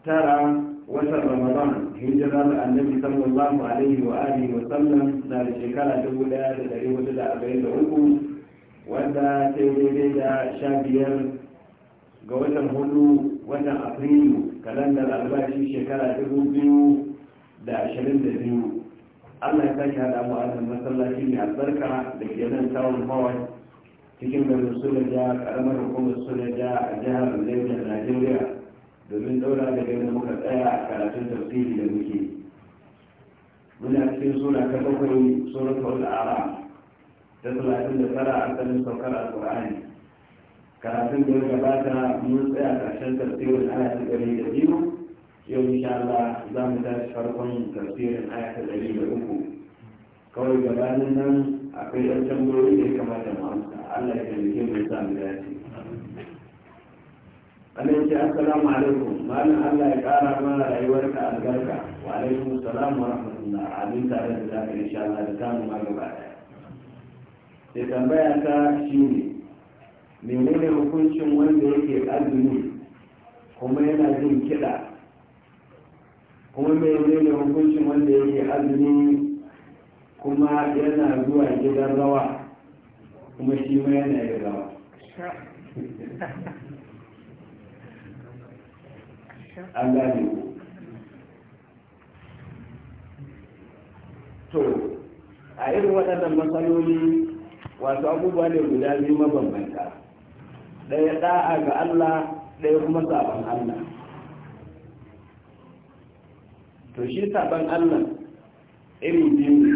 tara watan ramadan hijira da annabi sallallahu alaihi wa alihi wa sallam na da shekara dubu daya da dari hudu da arba'in da uku wanda sai daidai da sha biyar ga watan hudu watan afrilu kalandar albashi shekara dubu biyu da ashirin da biyu allah ya sake haɗa mu masallaci mai albarka da ke nan tawon hawaii cikin garin sulaja karamar hukumar sulaja a jihar lagos najeriya domin daura da gani muka tsaya a karatun tafsiri da muke muna cikin suna ta bakwai suna ta wata ara ta talatin da tara a tsarin saukar alkur'ani karatun da ya gabata mun tsaya karshen tafsirin aya ta gari da biyu yau insha Allah za mu tashi farkon tafsirin aya ta gari da uku kawai gabanin nan akwai ɗan tambayoyi da ya kamata mu amsa Allah ya taimake mu sa mu dace Allah ce assalamu alaikum malam Allah ya kara mana ka albarka wa alaikum salam wa rahmatullah amin tare da zaka insha Allah da kamun ma gaba daya sai tambaya ta shine menene hukuncin wanda yake azumi kuma yana jin kiɗa kuma menene hukuncin wanda yake azumi kuma yana zuwa gidan rawa kuma shi ma yana yin rawa an gane ku to a irin waɗannan matsaloli wasu abubuwa ne guda biyu mabambanta ɗaya ɗa'a ga Allah ɗaya kuma saban Allah to shi saban Allah iri biyu ne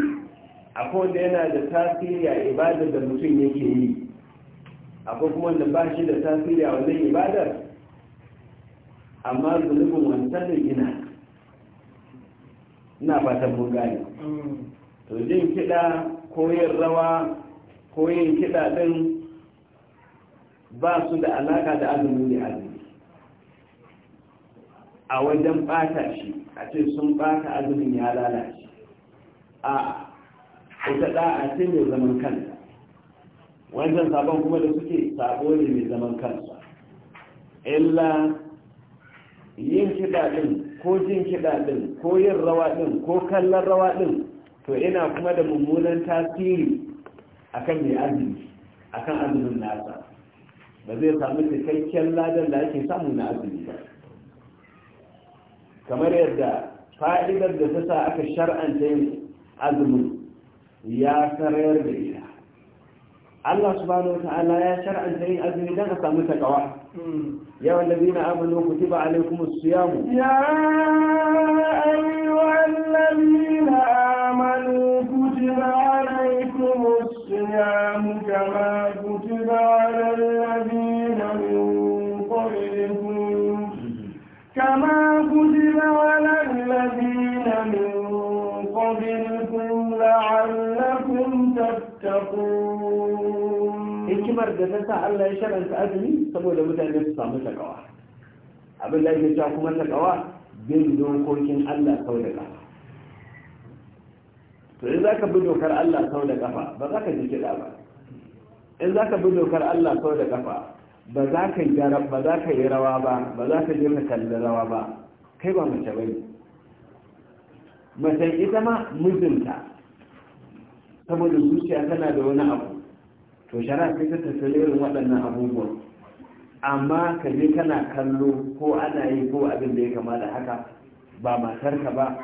akwai wanda yana da tasiri a ibadar da mutum yake yi akwai kuma wanda ba shi da tasiri a wannan ibadar amma zunubin wancan ina ina fatan mun gane mm. to jin kiɗa ko yin rawa ko yin kiɗa ɗin ba su da alaka da azumi a azumi a wajen ɓata shi a ce sun ɓata azumin ya lalace a wata ɗa'a ce mai zaman kanta wancan sabon kuma da suke sabo ne mai zaman kansa illa yin kiɗa ɗin ko jin kiɗa ɗin ko yin rawa ɗin ko kallon rawa ɗin to ina kuma da mummunan tasiri akan mai azumi akan azumin nasa ba zai samu cikakken ladan da ake samu na azumi ba kamar yadda fa'idar da ta sa aka shar'anta yin azumin ya sayar da ita الله سبحانه وتعالى يا شرع الزين أذنين أقامك الأوحد يا الذين آمنوا كتب عليكم الصيام يا أيها الذين آمنوا كتب عليكم الصيام كما كتب على الذين من قبلكم كما كتب على الذين من قبلكم لعلكم تتقون hikimar da ta sa Allah ya sharanta azumi saboda mutane su samu takawa abin da yake cewa kuma takawa bin dokokin Allah sau da kafa to in zaka bi dokar Allah sau da kafa ba za ka ji kiɗa ba in zaka bi dokar Allah sau da kafa ba za ka ba za ka yi rawa ba ba za ka je ka kalli rawa ba kai ba mace bane mace ita ma mijinta saboda zuciya tana da wani abu to shara sai ta tattale irin waɗannan abubuwan amma ka je kana kallo ko ana yi ko abin da ya kama da haka ba matar ka ba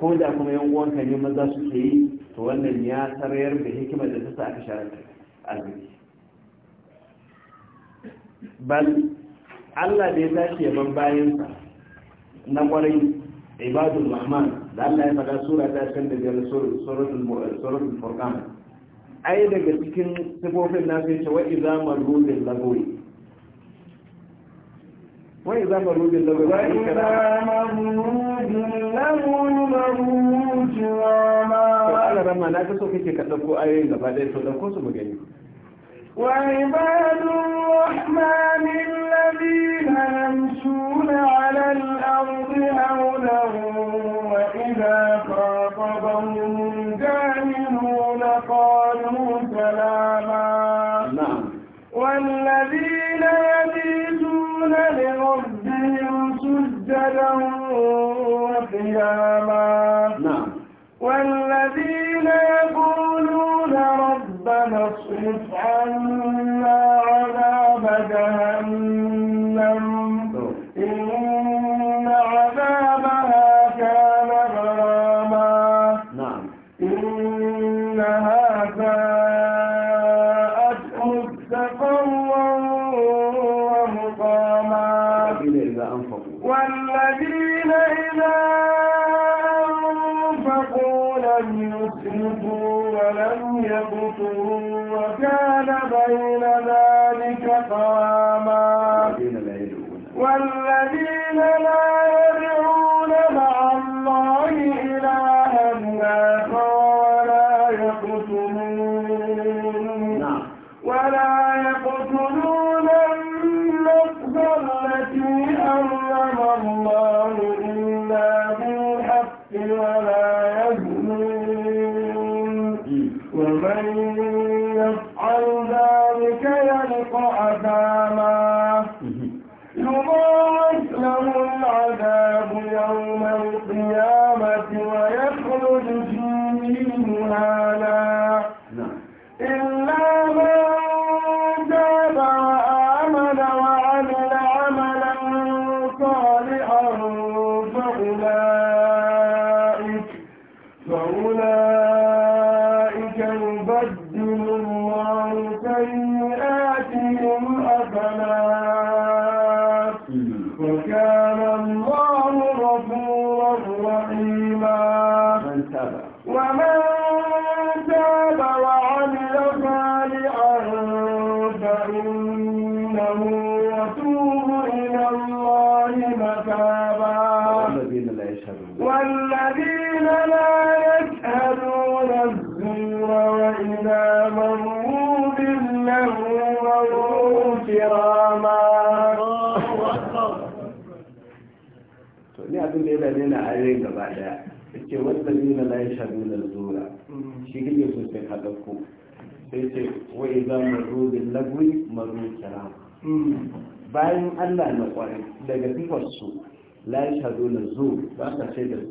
ko da kuma yan uwan ka ne maza suke yi to wannan ya sarayar da hikimar da ta sa aka sharanta arziki bal Allah da ya tashi yaban bayansa na kwarai ibadul rahman da Allah ya faɗa sura ta 25 suratul furqan ai daga cikin sifofin na sai ce wa'i za mu rubin lagoyi wa'i za mu rubin lagoyi wa'i za mu rubin lagoyi marujuwa ma wa'ala rama na ta kake ka ɗauko ayoyin gaba ɗaya to ɗauko su mu gani وعباد الرحمن الذين يمشون على الأرض هولا سجدا وقياما نعم والذين يقولون ربنا اصرف عنا عذاب جهنم الذين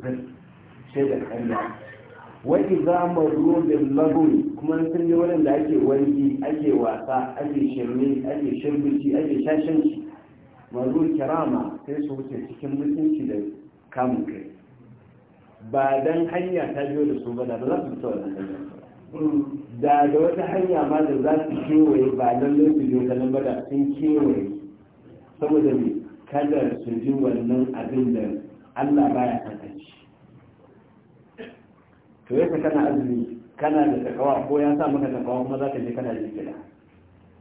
zai da ƙarya wani za mu da lagun kuma sun yi wurin da ake wanki ake wasa ake shirme ake shirbici ake shashanci mazu kirama sai su wuce cikin mutunci da kamun kai ba don hanya ta biyo da su ba da ba za su fita wannan da da wata hanya ma da za su kewaye ba nan da su biyo ba da sun kewaye saboda me kada su ji wannan abin da Allah baya kasance to yake kana azumi kana da takawa ko ya sa maka takawa kuma za ka je kana jin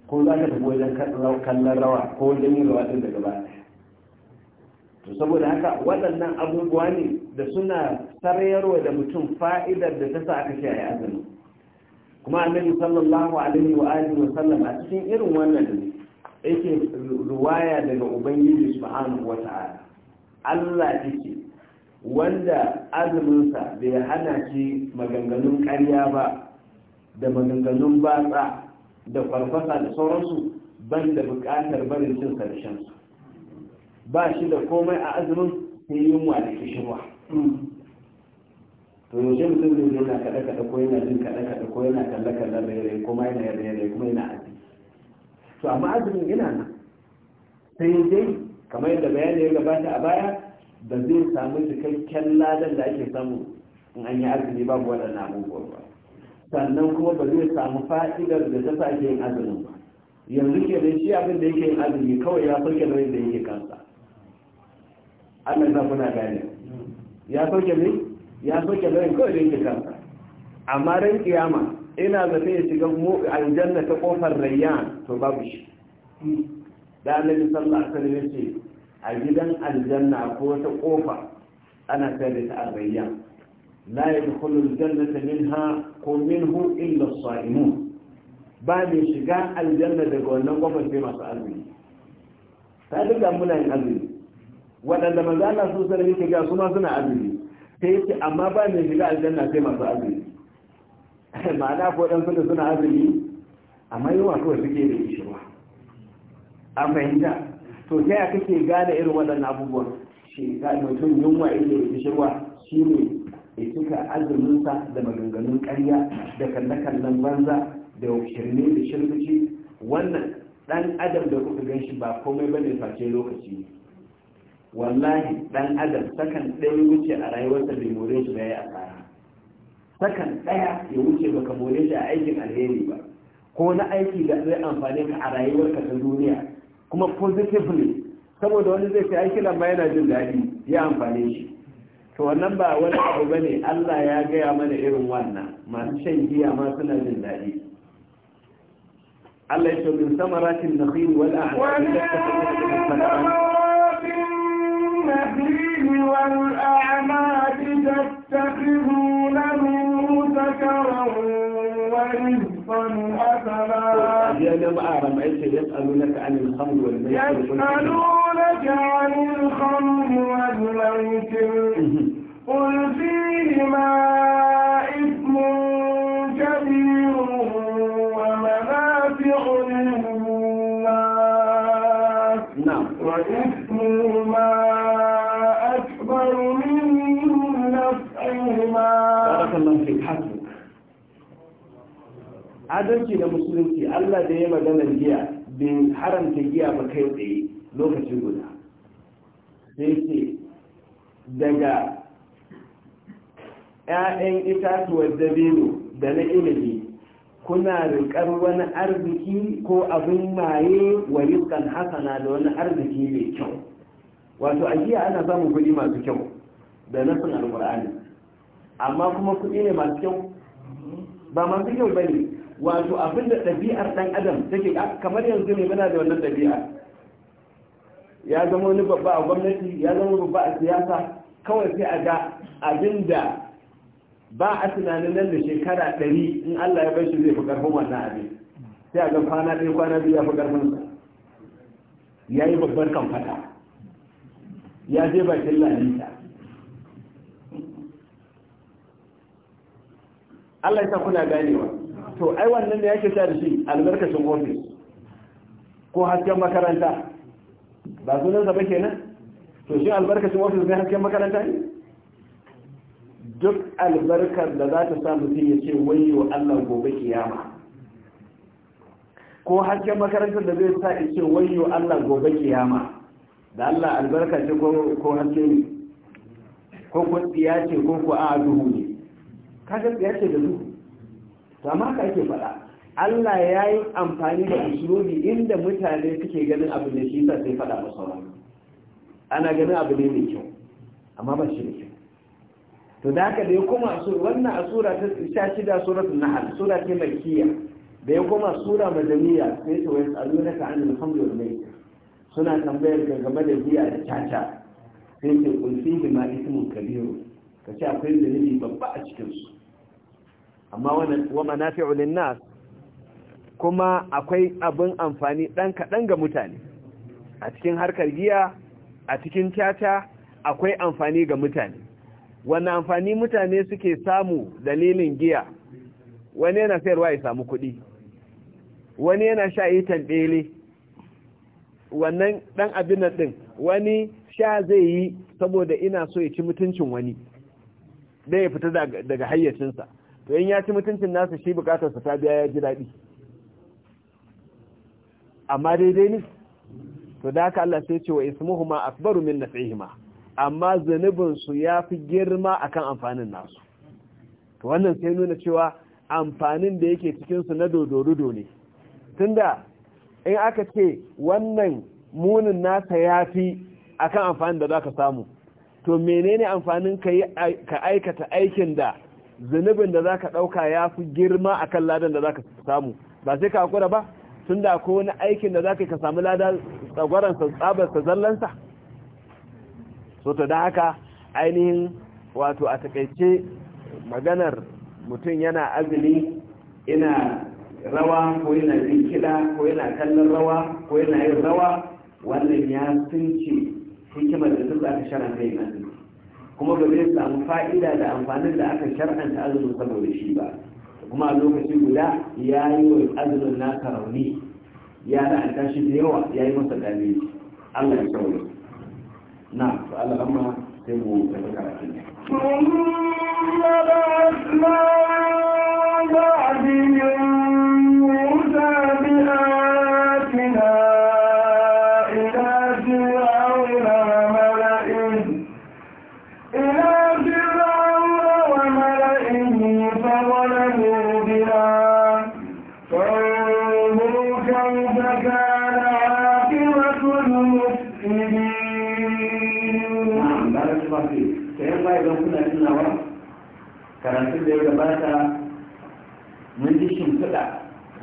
ko za ka tafi wajen kallon rawa ko wajen yin rawa ɗin daga baya to saboda haka waɗannan abubuwa ne da suna sarayarwa da mutum fa'idar da ta sa aka ce a yi azumi kuma annabi sallallahu alaihi wa alihi wa sallam a cikin irin wannan yake ruwaya daga ubangiji subhanahu wa ta'ala Allah yake wanda azuminsa bai hana shi maganganun ƙarya ba da maganganun batsa da farfasa da sauransu ban da buƙatar barin cin karshensu ba shi da komai a azumin sai yunwa da kishirwa to yaushe mutum zai yana kaɗa kaɗa ko yana jin kaɗa kaɗa ko yana kalle kalle yare kuma yana yare kuma yana aji to amma azumin yana nan sai dai kamar yadda bayani ya gabata a baya ba zai samu cikakken ladan da ake samu in an yi azumi babu waɗannan abubuwan ba sannan kuma ba zai samu fa'idar da ta sake yin azumin ba yanzu ke da shi abin da yake yin azumi kawai ya sauke nauyin da yake kansa Allah za kuna gane ya sauke ne ya sauke nauyin kawai da yake kansa amma ran kiyama ina zafe ya shiga aljanna ta kofar rayyan to babu shi da annabi sallallahu alaihi wasallam yace a gidan aljanna ko wata kofa ana tare ta arbayya la yadkhulul jannata minha ko minhu illa as-sa'imun ba mai shiga aljanna daga wannan kofar sai masu azumi ta duka muna yin azumi waɗanda manzo Allah su sanar yake ga su ma suna azumi sai yace amma ba mai shiga aljanna sai masu azumi ma'ana ko dan suna suna azumi amma yawa kawai suke da kishirwa A fahimta to ta ya kake gane irin waɗannan abubuwan shi ga mutum yunwa ita da shirwa. shi ne ya cika azuminsa da maganganun karya da kalle banza da shirme da shirbici wannan ɗan adam da kuka gan shi ba komai ba ne face lokaci wallahi ɗan adam sakan ɗaya wuce a rayuwarsa bai more shi ba ya asara sakan ɗaya ya wuce baka more shi a aikin alheri ba ko na aiki da zai amfani ka a rayuwarka ta duniya kuma positively saboda wani zai fi aiki kiɗan yana jin daɗi ya amfane shi to wannan ba wani abu ba ne allah ya gaya mana irin wannan masu shan giya ma suna jin daɗi allah ya ce min samaratin nakhil wal a'lam تتخذون منه ذكرا وإنثى أحسن مثلا يا جماعة رمعيك يسألونك عن الخمر والميسر يسألونك عن الخمر والميسر قل فيهما إثم كبير ومنافع للناس نعم وإثمهما أكبر من نفعهما بارك الله adalci na musulunci Allah da ya magana giya bin haramta giya ba kai tsaye lokacin guda sai ce daga 'ya'yan itatuwar dabino da na inabi kuna rikar wani arziki ko abin maye wa rizkan hasana da wani arziki mai kyau wato a giya ana samun kuɗi masu kyau da nasin alƙur'ani amma kuma kuɗi ne masu kyau ba masu kyau ba ne. wato abin da ɗabi'ar ɗan adam take kamar yanzu ne muna da wannan ɗabi'a ya zama wani babba a gwamnati ya zama babba a siyasa kawai sai a ga abin da ba a tunanin nan da shekara ɗari in Allah ya bai shi zai fi ƙarfin wannan abin sai a ga kwana ɗaya kwana biyu ya fi ƙarfin sa ya yi babbar kamfata ya je bakin lalita Allah ya sa kuna ganewa to ai wannan da yake sha da shi albarkacin ofis ko hasken makaranta ba sunan sa ba kenan to shi albarkacin ofis ne hasken makaranta ne duk albarkar da za ta sa mutum ya ce wayo Allah gobe kiyama ko hasken makarantar da zai sa ce wayo Allah gobe kiyama da Allah albarka ce ko hasken ne ko ko tsiya ce ko ko a duhu ne kaga tsiya ce da duhu amma ka ake faɗa Allah ya yi amfani da usulobi inda mutane suke ganin abu da shi sa sai faɗa ba sauran ana ganin abu ne mai kyau amma ba shi da kyau to da haka da ya koma wannan a sura ta sha shida ta nahl sura ta malkiya da ya koma sura madaniya sai ta wani aluna ka anil hamdu suna tambayar ka game da biya da caca sai ta kulfi da ma kabiru ka ce akwai zalimi babba a cikinsu. amma wa manafi'u linnas kuma akwai abin amfani ɗan kaɗan ga mutane a cikin harkar giya a cikin tata akwai amfani ga mutane wani amfani mutane suke samu dalilin giya wani yana sayarwa ya samu kuɗi wani yana sha yi tambele wannan ɗan abin ɗin wani sha zai yi saboda ina so ya ci mutuncin wani da ya fita daga hayyacinsa to in ya ci mutuncin nasu shi bukatar sa ta biya ya ji daɗi amma daidai ne to da haka Allah sai ce wa ismuhuma akbaru min nafihima amma zanubin su fi girma akan amfanin nasu to wannan sai nuna cewa amfanin da yake cikin su na dodorudo ne tunda in aka ce wannan munin nasa ya fi akan amfanin da zaka samu to menene amfanin ka aikata aikin da zunubin da zaka ya fi girma akan ladan da zaka samu ba sai ka hakura ba tunda ko wani aikin da zaka ka samu lada tsagwaran sa tsabar sa zallan sa so to da haka ainihin wato a takaice maganar mutum yana azumi ina rawa ko yana jin ko yana kallon rawa ko yana yin rawa wannan ya sunce hikimar da duk za ka shara kai na kuma ba zai samu fa'ida da amfanin da aka shar'anta azumin saboda shi ba kuma a lokaci guda ya yi wa azumin naka rauni ya la'anta shi da yawa ya yi masa damiji allah ya sauri na to allah amma sai mu tafi karatun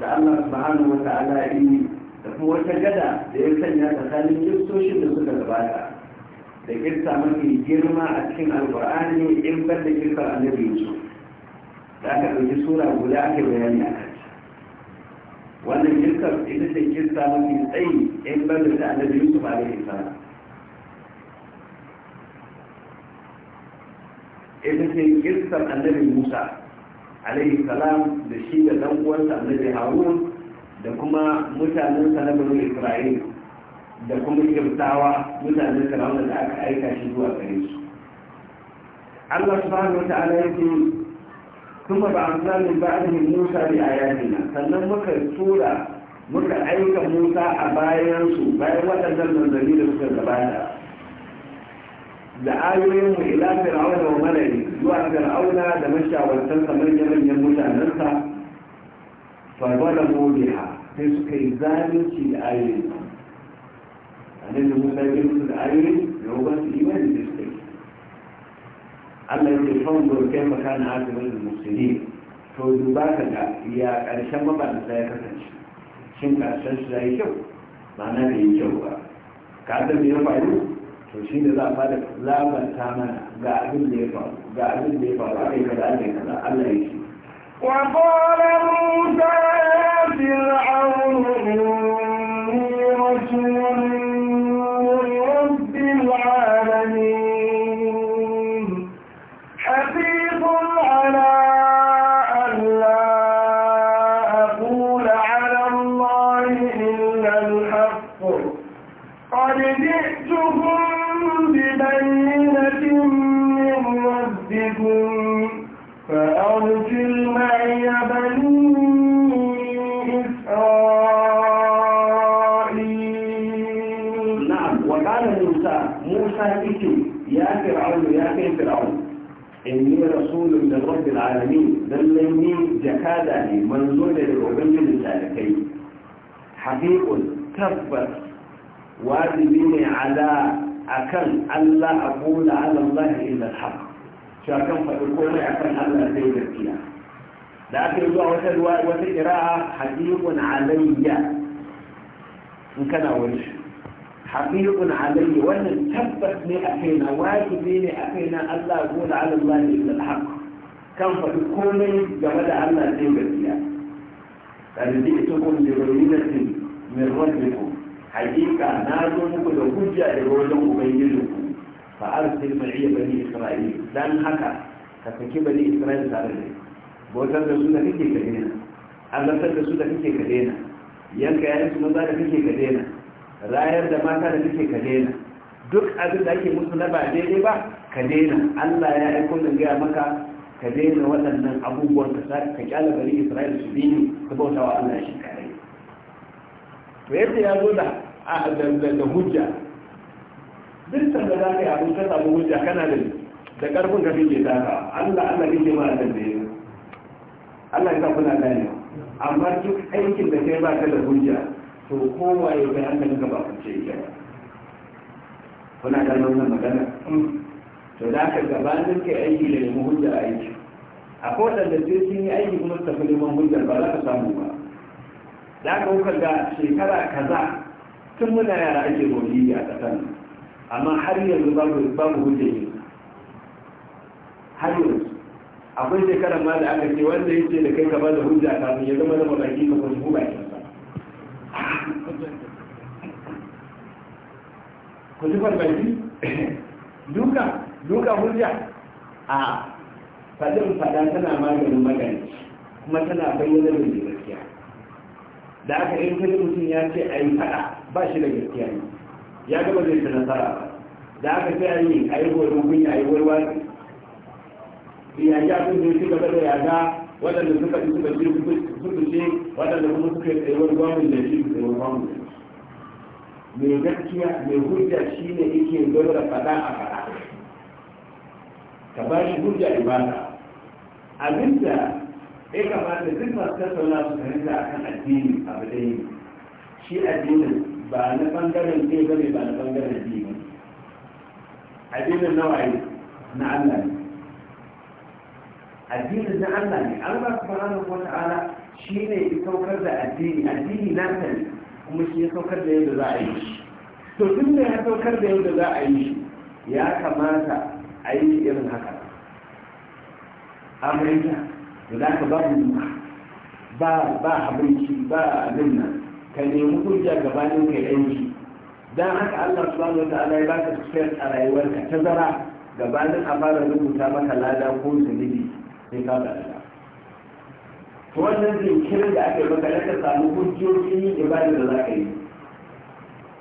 da Allah subhanahu wa ta'ala yi da kuma wata gada da ya sanya tsakanin kiristoshin da suka gabata da kirista mafi girma a cikin alkur'ani in ban da kirka annabi su da aka ɗauki sura guda ake bayani a kai wannan kirkar ita ce kirista mafi tsayi in ban da annabi yusuf alaihi salam ita ce kirkar annabi musa alaihi salam da shi da dan uwansa annabi harun da kuma mutanen sa na bani da kuma kirtawa mutanen fir'auna da aka aika shi zuwa gare su Allah subhanahu wata'ala yake kuma ba amsa min ba'dihi Musa bi ayatina sannan muka tura muka aika Musa a bayan su bayan waɗannan manzanni da suka gabata da ayoyin mu ila fir'auna wa malai zuwa fir'auna da mashawartansa manya-manyan mutanensa farbala modiha sai suka yi zalunci da ayoyin annabi musa ya musu da ayoyin da ba su imani da suka yi Allah ya ce fanzur kai makana asibar da musulmi to duba ka ga ya karshen mabarata ya kasance shin ƙarshen su ya yi kyau ma'ana da yi kyau ba ka da ya faru to shi ne za a fara labarta mana ga abin da ya faru ga abin da ya faru aka yi kaza aka yi kaza Allah ya ce wa qala musa ya alamin lallai ni jakada ne manzo ne daga ubangijin talakai haqiqun tabbas wajibi ne ala akan Allah aqula ala Allah illa al-haq shi a kan faɗi komai akan Allah sai gaskiya da aka yi zuwa wata wata qira'a haqiqun alayya in kana wani haqiqun alayya wannan tabbas ne a kaina wajibi ne a kaina Allah aqula ala Allah illa al-haq kan faɗi komai game da Allah sai gaskiya zai ita kun da bayyanatin rabbi rabbikum hakika na zo muku da hujja daga wajen ubangijinku fa arsil ma'iya bani isra'il dan haka ka saki bani isra'il tare da bautar da su da kake ka daina azabtar da su da kake ka yanka yayin su maza da kake ka rayar da mata da kake ka duk abin da ake musu na ba daidai ba ka Allah ya aiko da gaya maka ka daina waɗannan abubuwan ka sa ka kyala bari isra'il su bi ni ka bauta wa allah shi kadai to yadda ya zo da da hujja duk da za ka yi abin ka samu hujja kana da da karfin ka fike ta ka allah allah kake ma da da yanzu allah ya sa kuna gani. amma duk aikin da kai ka da hujja to kowa ya kai an ka ba ku ce ya kuna da wannan magana to da ka gabanin kai aiki da nemi hujjar aiki a waɗanda sai sun yi aiki kuma su tafi neman hujjar ba za ka samu ba za ka kuka ga shekara kaza tun muna yara ake rohiri a ƙasar nan amma har yanzu babu hujjar yi har yanzu akwai shekarar ma da aka ce wanda ya ce da kai ka ba da hujja kafin ya zama da mabaki ka kwanci ko bakin sa ku ji farmaki duka duka hujja a fadin fada tana maganin magani kuma tana bayyana da gaskiya da aka yi kai mutum ya ce a yi fada ba shi da gaskiya ne ya gaba zai ta nasara ba da aka ce a yi a yi gorin kunya a yi warwa ya ji abin da ya ci gaba da yaga waɗanda suka ci suka ci suka ce waɗanda kuma suka yi tsayuwar gwamnati da shi tsayuwar gwamnati mai gaskiya mai hujja shine yake dole faɗa a faɗa ka ba shi hujja ibada abinda ya kamata duk masu tattauna su fahimta a kan addini abu ɗaya shi addinin ba na ɓangaren ɗaya ba ne ba na ɓangaren biyu ba addinin nawa ne na Allah ne addinin na Allah ne Allah subhanahu wa ta'ala shi ne ya saukar da addini addini na ta ne kuma shi ya saukar da yadda za a yi shi to tun da ya saukar da yadda za a yi shi ya kamata A ai irin haka amurka da za ka babu ba ba abinci ba abin nan ka nemi hujja gabanin kai aiki dan haka Allah subhanahu wataala ya baka space a rayuwarka ta tazara gabanin a fara rubuta maka lada ko zunubi sai ka ba lada to wannan jinkirin da aka yi maka da ka samu hujjojin yin ibada da za ka yi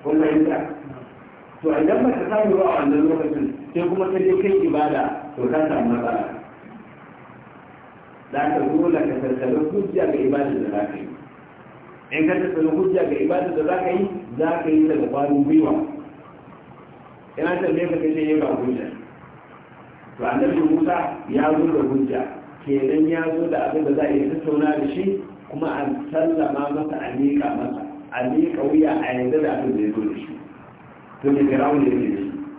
kun fahimta to idan ba ka samu ba a wannan lokacin sai kuma ta je kai ibada to ka samu matsala za ka dole ka tattara hujja ga ibada da za ka yi in ka tattara hujja ga ibada da za ka yi za ka yi daga kwanu gwiwa ina ta ne ka kace yaga hujja to annabi Musa ya zo da hujja kenan ya zo da abin da za a yi tattauna da shi kuma an sallama masa a miƙa masa a miƙa wuya a yanzu da abin da ya zo da shi to ne rawun da yake da shi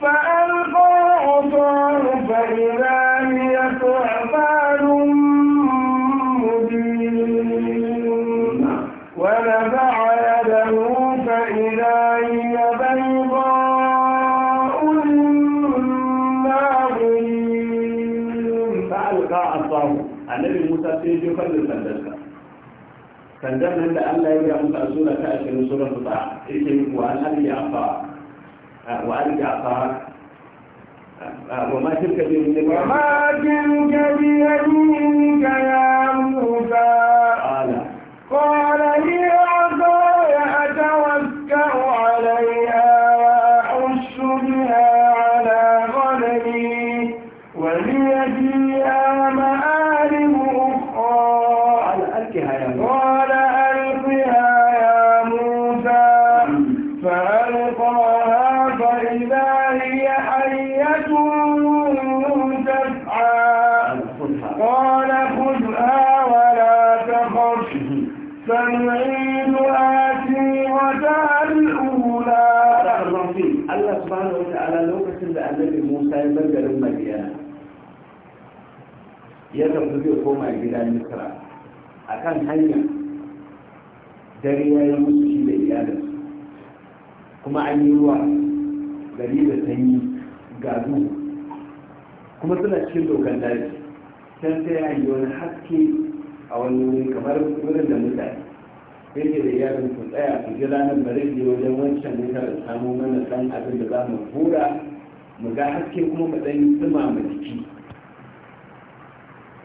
فألقى عصاه فإذا هي ثعبان مبين ونزع يده فإذا هي بيضاء للناظرين فألقى عصاه النبي موسى سيجي فلن سندلك sandan nan da Allah ya gaya musu a sura ta ashirin sura ta ta yake muku an ya fa وأن جعفر وما تلك بيمينك وما تلك بيمينك يا koma gida misra a kan hanya dare ya yi musu shi da iyalinsu kuma an yi ruwa gari da sanyi ga duhu kuma suna cikin dokan daji can sai an yi wani haske a wani wuri kamar wurin da mutane sai ke da yaron su tsaya su ji ranar bari ne wajen wancan wuta da samu mana ɗan abin da za mu hura mu ga haske kuma mu ɗan tsima mu jiki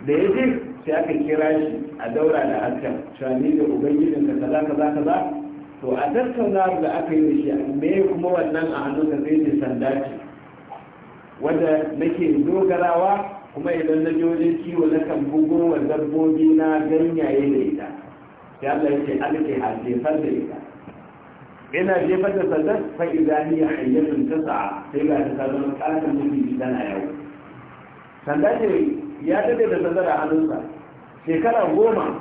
da ya je sai aka kira shi a daura da hakan shani da ubangijin ka kaza kaza kaza to a tattauna da aka yi da shi me kuma wannan a da sai ne sanda ce wanda nake dogarawa kuma idan na je wajen kiwo na kan bugo wa dabbobi na ganyaye da ita sai Allah ce alke a jefar da ita ina jefar da sandar fa idan ya hayyatun tasa sai ga ta sanar kasan mutum tana yau sanda ya dade da nazara hannunsa shekara goma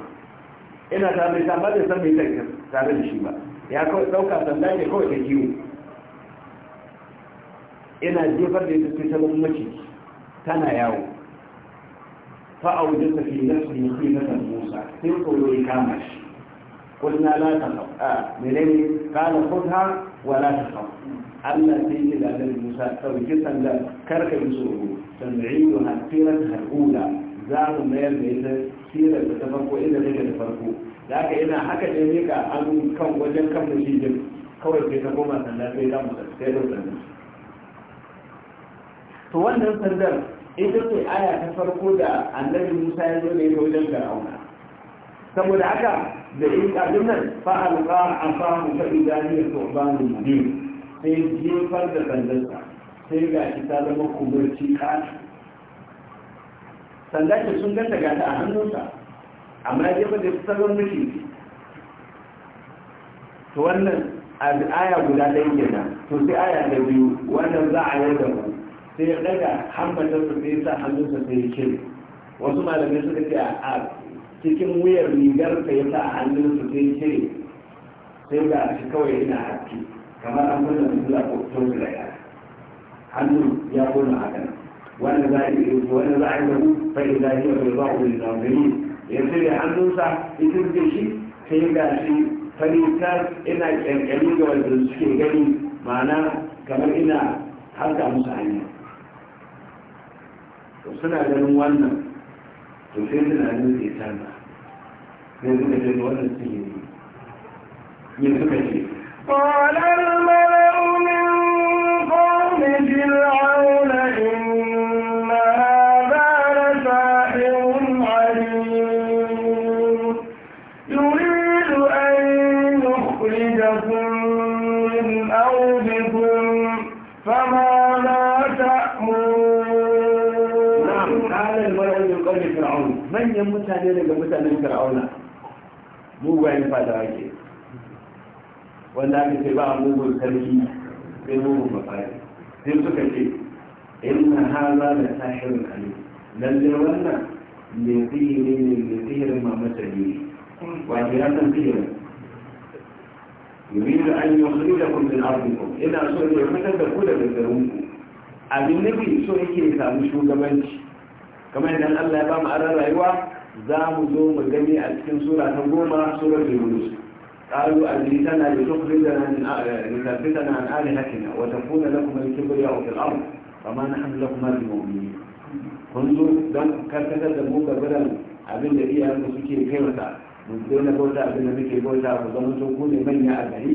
ina ta mai ta da san mai take tare da shi ba ya kawai dauka sanda ne kawai da kiwo ina jefar da ita ta mun maciji tana yawo fa yi fi na san musa sai tsoro ya kama shi قلنا لا تخف آه منين قال خذها ولا تخف Allah sai ya ga Annabi Musa ɗauki sanda karka yi tsoro tanzilu hasirat harula za mu mayar da ita sirar da ta farko inda take da farko da haka yana haka ne ne ka an kan wajen kan mashijin kawai sai ta koma sanda sai za mu sai da sanda to wannan sandar ita ce aya ta farko da annabi Musa ya zo da ita wajen Fir'auna saboda haka da in kadin nan fa alqa asahu fa idaniya tu'banu mubin sai jefar da sandarsa sai ga shi ta zama kubarci kashi sanda ce sun ganta gata a hannunsa amma ya jefar da sabon miki to wannan aya guda ɗaya kenan to sai aya da biyu wannan za a yi da mu sai ya daga hambatarsa sai ya sa hannunsa sai ya ce wasu malamai suka ce a cikin wuyar rigar ka ya sa hannunsa sai ya ce sai ga shi kawai yana haske kamar an kunna fitila ko hannu ya za a yi hannunsa ita ce shi sai ga shi ta ina kyankyani ga wanda suke gani mana kamar ina harka musu suna ganin wannan suka ce wannan suka ce قال الملأ من قوم فرعون إن هذا لساحر عليم يريد أن يخرجكم من أرضكم فماذا تأمرون نعم قال الملأ من قوم فرعون من يمتعني لك متعني فرعون مو وين فاتحك wanda aka ce ba a mugun sarki sai mugun mafari sai suka ce inna haza da tashirin ali Lallai wannan ne sihiri ne ne sihirin mamata ne wa ya san sihirin da an yukhrijakum min ardikum ina so ne fitar da ku daga garinku abin nufi, so yake samu shugabanci kamar idan Allah ya ba mu aran rayuwa za mu zo mu gani a cikin sura ta goma surar yunus قالوا أجلسنا لتخرجنا من لتلفتنا عن آلهتنا وتكون لكم الكبرياء في الأرض فما نحن لكم بمؤمنين kunzu don karkatar da mu gabaran abin da iyayenmu suke kai masa mu daina bauta abin da muke bauta ku zama to ku ne manya a gari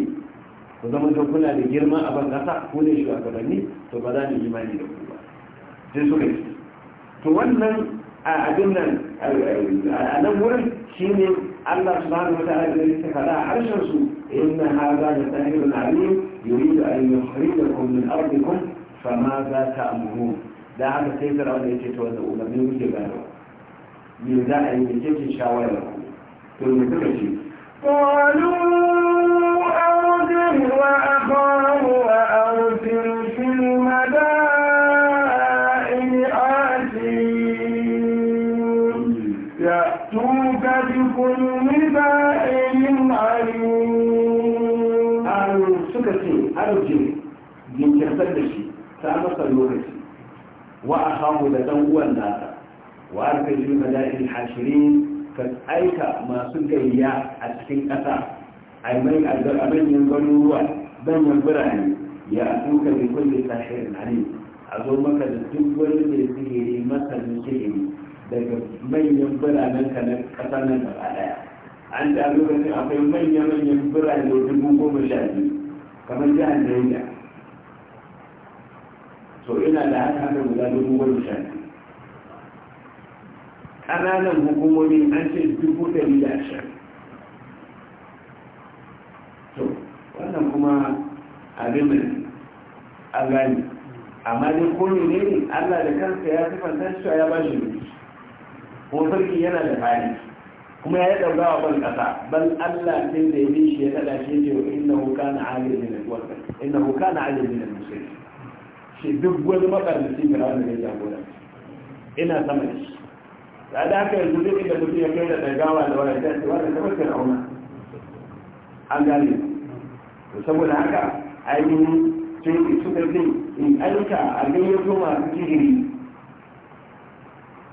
ku zama to kuna da girma a ban kasa ku ne shugabanni to ba za mu imani da ku ba sai suka ci to wannan a abin nan a nan wurin shi ne. الله سبحانه وتعالى الذي فلا عرش إن هذا لساحر عليم يريد أن يخرجكم من أرضكم فماذا تأمرون da haka sai fir'aun ya ce ta wanda umarni يدعى bayarwa me za a yi da ke قالوا أرجه وأخاه وأخاه wa akahu da dan uwan nasa wa arkaji madain hashirin ka aika masu gayya a cikin ƙasa a mai a manyan garuruwa manyan birane ya tuka da bi kulli sahirin alim a zo maka da duk wani mai sihiri masanin sihiri daga manyan biranen ka na ƙasar nan gaba ɗaya an da lokacin akwai manya-manyan birane dubu goma sha biyu kamar jihar Niger to ina da haka da guda dubu goma sha ƙananan hukumomi an ce dubu ɗari da ashirin to wannan kuma abin mai an gani amma dai kone ne ne allah da kansa ya fi fantashiya ya ba shi mulki kuma sarki yana da fari kuma ya yi ɗaukawa ban ƙasa ban allah sai da ya bi shi ya ɗaɗa shi ne wa inna hukana alil min al musulmi ce duk wani makarnaci firawun da ya jagora ina sama da shi da da haka yanzu zai inda mutum ya kai da dagawa da wani da ce wani kamar firawun an gane to saboda haka ainihin sun suka zai in aika a gayyato masu jihiri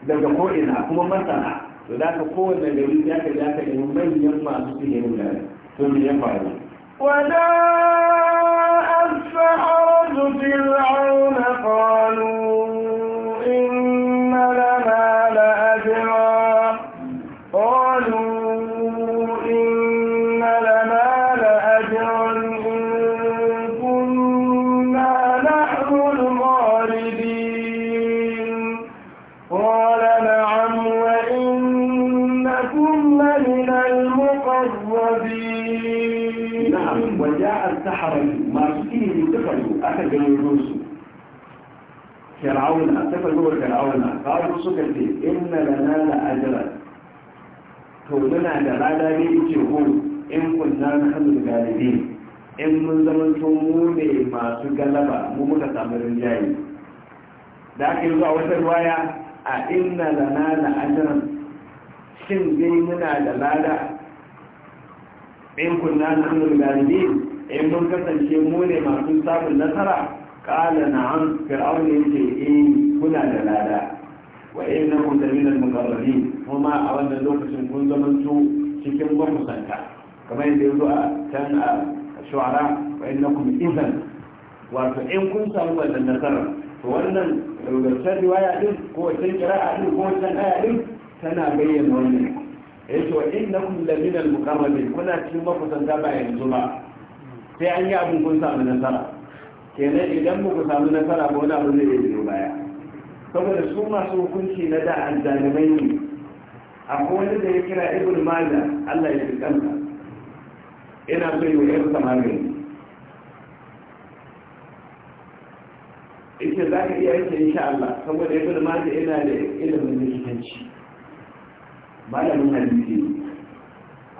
daga ko'ina kuma masana to da ka kowane gari ya ka ya ka yi manyan masu jihirin gari sun yi ya faru yana da rada ne yake ko in kunna na hannun galibi in mun zamanto mu ne masu galaba mu muka samu rinjaye da aka yi zuwa wata ruwaya a inna lana na ajiran shin dai muna da lada in kunna na hannun galibi in mun kasance mu ne masu samun nasara kala na an fir'aun ne ce eh kuna da lada wa inna kun da minal muqarrabin kuma a wannan lokacin kun zamanto cikin makusanta kamar yadda yazo a can a shu'ara wa innakum wato in kun samu wannan nasara to wannan rubutar riwaya din ko wannan qira'a din ko wannan aya din tana bayyana wannan yace wa innakum la minal muqarrabin kuna cikin makusanta ba yanzu ba sai an yi abin kun samu nasara kenan idan muku samu nasara ba wani abu zai yi baya saboda su masu hukunci na da an alzalimai ne akwai wani da ya kira ibn maza allah ya fi kanta ina so yi wa yarsa magani ita za ka iya yanke insha allah saboda ibn maza ina da ilimin likitanci ba malamin hadisi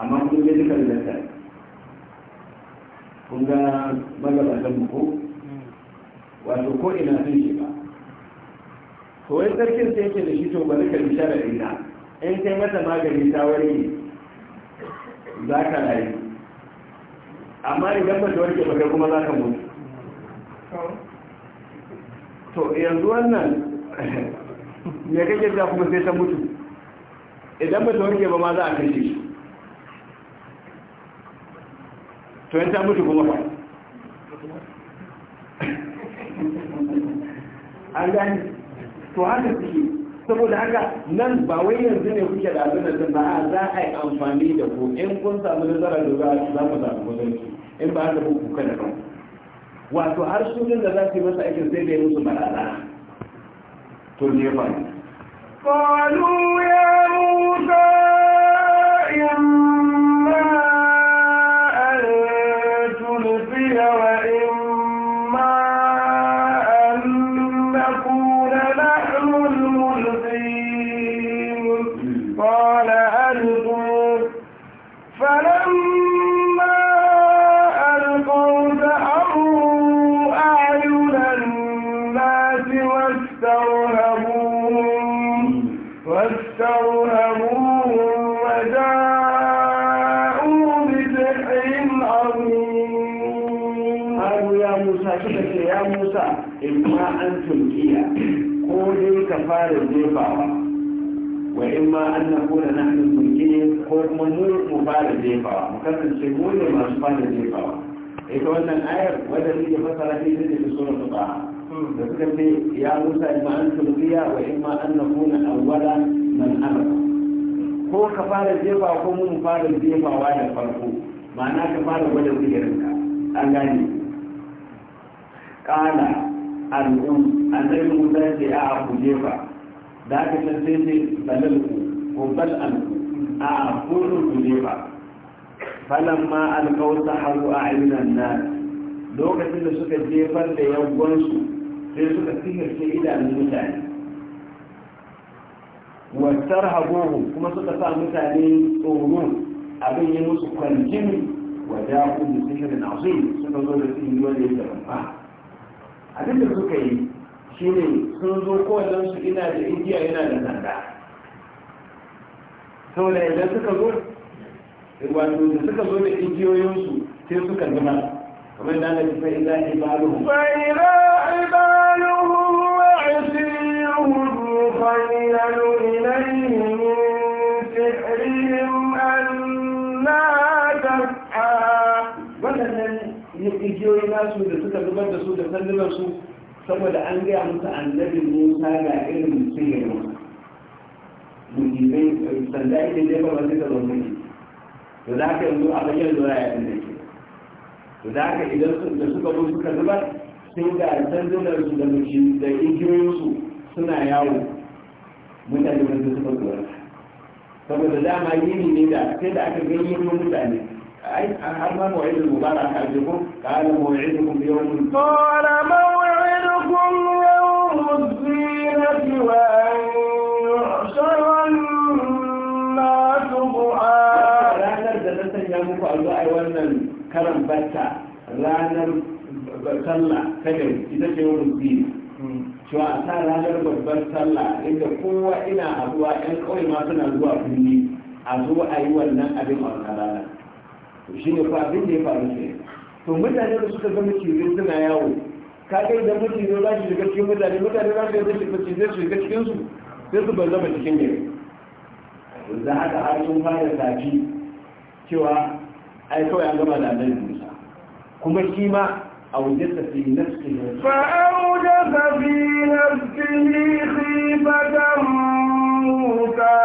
amma kun ga duka da kun ga magabatan ko hmm. wato ko ina sun shi to wai sarkin sai yake da shi to ba ka bisha da ina in kai mata magani ta warke za ka rayu amma idan ba ta warke ba kai kuma za ka mutu to yanzu wannan ya kake ta kuma sai ta mutu idan ba ta warke ba ma za a kashe shi to yan ta mutu kuma ba an gani to haka suke saboda haka nan ba wai yanzu ne kuke da abin da ba a za a yi amfani da ku in kun samu nazara da za a mu samu mutunci in ba haka ku da ba wato har sunan da za su yi masa aikin sai da yi musu barazana to ne ba قالوا ya موسى إن an tulkiya ko dai ka fara jefawa wa in ma an na kona na hannun tulkiya ko kuma mu mu fara jefawa mu kasance mu ne masu fara jefawa ita wannan ayar wadda suke fasara ne ta tafi suna su ba da suka ce ya musa in ma an tulkiya wa in ma an na kona awwala man amara ko ka fara jefawa ko mu fara jefawa da farko ma'ana ka fara gwada sihirinka an gane kana. al'um annabi musa ya ce a ku jefa da aka san sai ce balal ku ko bal an a kullum ku jefa falan ma alkauta haru a ainihin na lokacin da suka jefar da yawansu sai suka sihirce idanun mutane wattar hagohu kuma suka sa mutane tsoro abin yi musu kwanjin wajen kudu sihirin azim suka zo da sihiri wanda ya zarafa abin da suka yi shi ne sun zo kowannen su ina da igiya yana da sanda da idan suka zo wato da suka zo da igiyoyinsu sai suka zama kamar da ana tafi ila ibaluhu fa ila ibaluhu wa asiyuhu fa ila igiyoyi nasu da suka zubar da su da sandunan su saboda an gaya musu annabi musa ga irin sihirin eh, sanda ba zama to za ka yanzu a bayan zuwa ya inda ke to za ka idan da suka zo suka zubar sai ga sandunan da da suna yawo mutane wanda suka zuwa saboda dama yini ne da sai da aka gani mutane قال موعدكم يوم قال موعدكم يوم الزينة وأن يحشر الناس ضحى رانر دلتا يامو فالله أيوانا كرم بتا رانر بطلع كجم إذا كيوم الزينة شو أتا رانر بطلع إنك قوة إنا أبوا إنك أوي ما تنا أبوا فيني أبوا أيوانا أبي مرحبا to shi ne fa abin da ya faru ne, to mutane da suka zama cizai suna yawo ka kai da mutane za su shiga cikin mutane mutane za su shiga cikin cizai su shiga cikin su sai su banzama cikin gari yanzu haka har sun fara tafi cewa ai kawai an gama da annabi Musa kuma shi ma a na ne أوجدت في نفسه فأوجد في نفسه خيبة موسى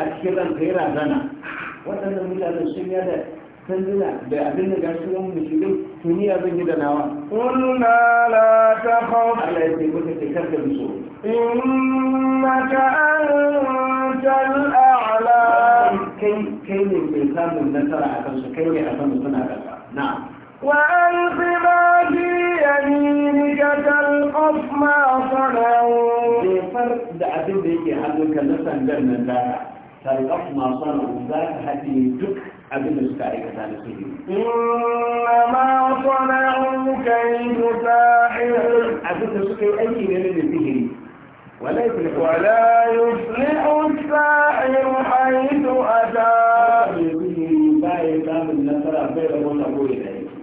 أشكرا غير ذنب Waɗanda mutane sun yada sanduna da abin da gashi wani musulun tuni abin yi da nawa kunna la ta khawf Allah ya ce maka ka karka musu innaka antal a'la kai kai ne mai samun nasara a kansu kai ne a kan suna kasa na'am وألق ما في يمينك تلقف ما صنعوا. بفرد عدد na حدك نسى الجنة تلقف ما صنعوا ذاك حتى دك abin da suka aikata da su yi. Inna ma sana'u kaydu sahir. Abin da suka yi aiki ne da sihiri. Wala yuflihu wala yuflihu sahir haythu ata. Sihiri ba ya samun nasara bai da wata goyi da yake.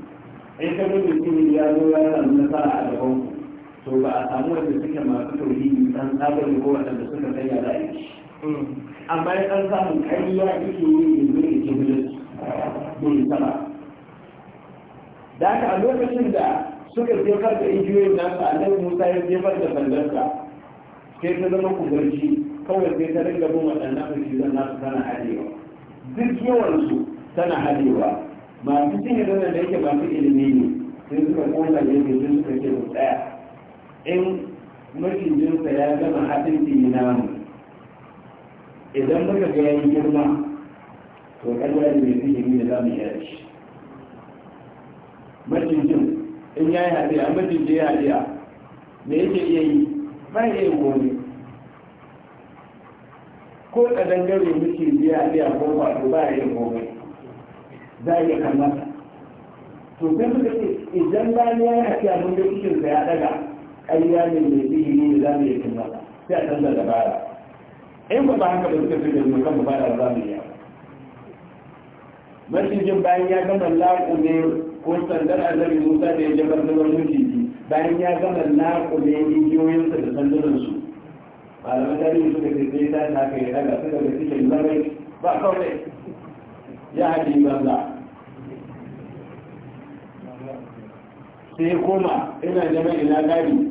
In ka gani sihiri ya zo ya samu nasara a gaban ku. To ba a samu wanda suke masu tauhidi san sabon ko waɗanda suka tsaya da aiki. Hmm. amma ya ɗan samun ƙarya ike yi ne zai ke bilis bai sama da haka a lokacin da suka jefar da igiyoyin nasa annabi musa ya jefar da sandarsa sai ta zama kubarci kawai sai ta ringa bin waɗannan fashilan nasu tana hadewa duk yawansu tana hadewa masu cikin zana da yake masu ilimi ne sai suka kona da yake sun suka ce mu tsaya in macijinsa ya gama haɗin ɗin namu idan muka ga yayi girma to kalla ne mai sihiri da za mu yare shi majinjin in ya yi hadiya majinjin ya hadiya me yake iya yi ba ya yi gobe ko kadan gare muke biya biya ko kwato ba ya yi gobe za a iya kalmata to sai muka ce idan rani ya yi hadiya mun ga cikinsa ya daga ƙarya ne mai sihiri da za mu yi kalmata sai a canza dabara in ba haka ba suka fi da mutum ba da ba mu iya masjidin bayan ya gama laƙume ko sandar annabi musa da ya jabar da wani titi bayan ya gama laƙume rijiyoyinsa da sandunan su. da malaman tarihi suka ce sai ta ta kai daga suka da cikin zarai ba kawai ya haɗi banza sai koma ina jama'a ina gari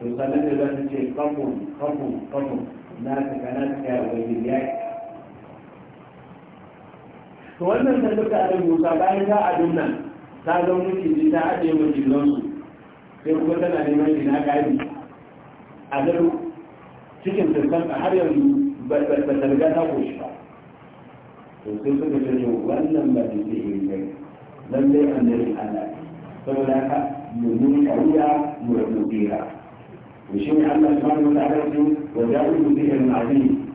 to sannan da za su ce kafin kafin kafin na suka na suka ya wani ya to wannan sanduka da musa bayan ta abin nan ta zama miki ta ajiye makillansu sai kuma tana neman ina gari a gado cikin turkan har yanzu ba ta riga ta koshi ba to sai suka ce wannan ba ta ke yin kai lallai annabi Allah saboda haka mu nuna wuya mu rubuta وشيء الله سبحانه وتعالى وجاءوا به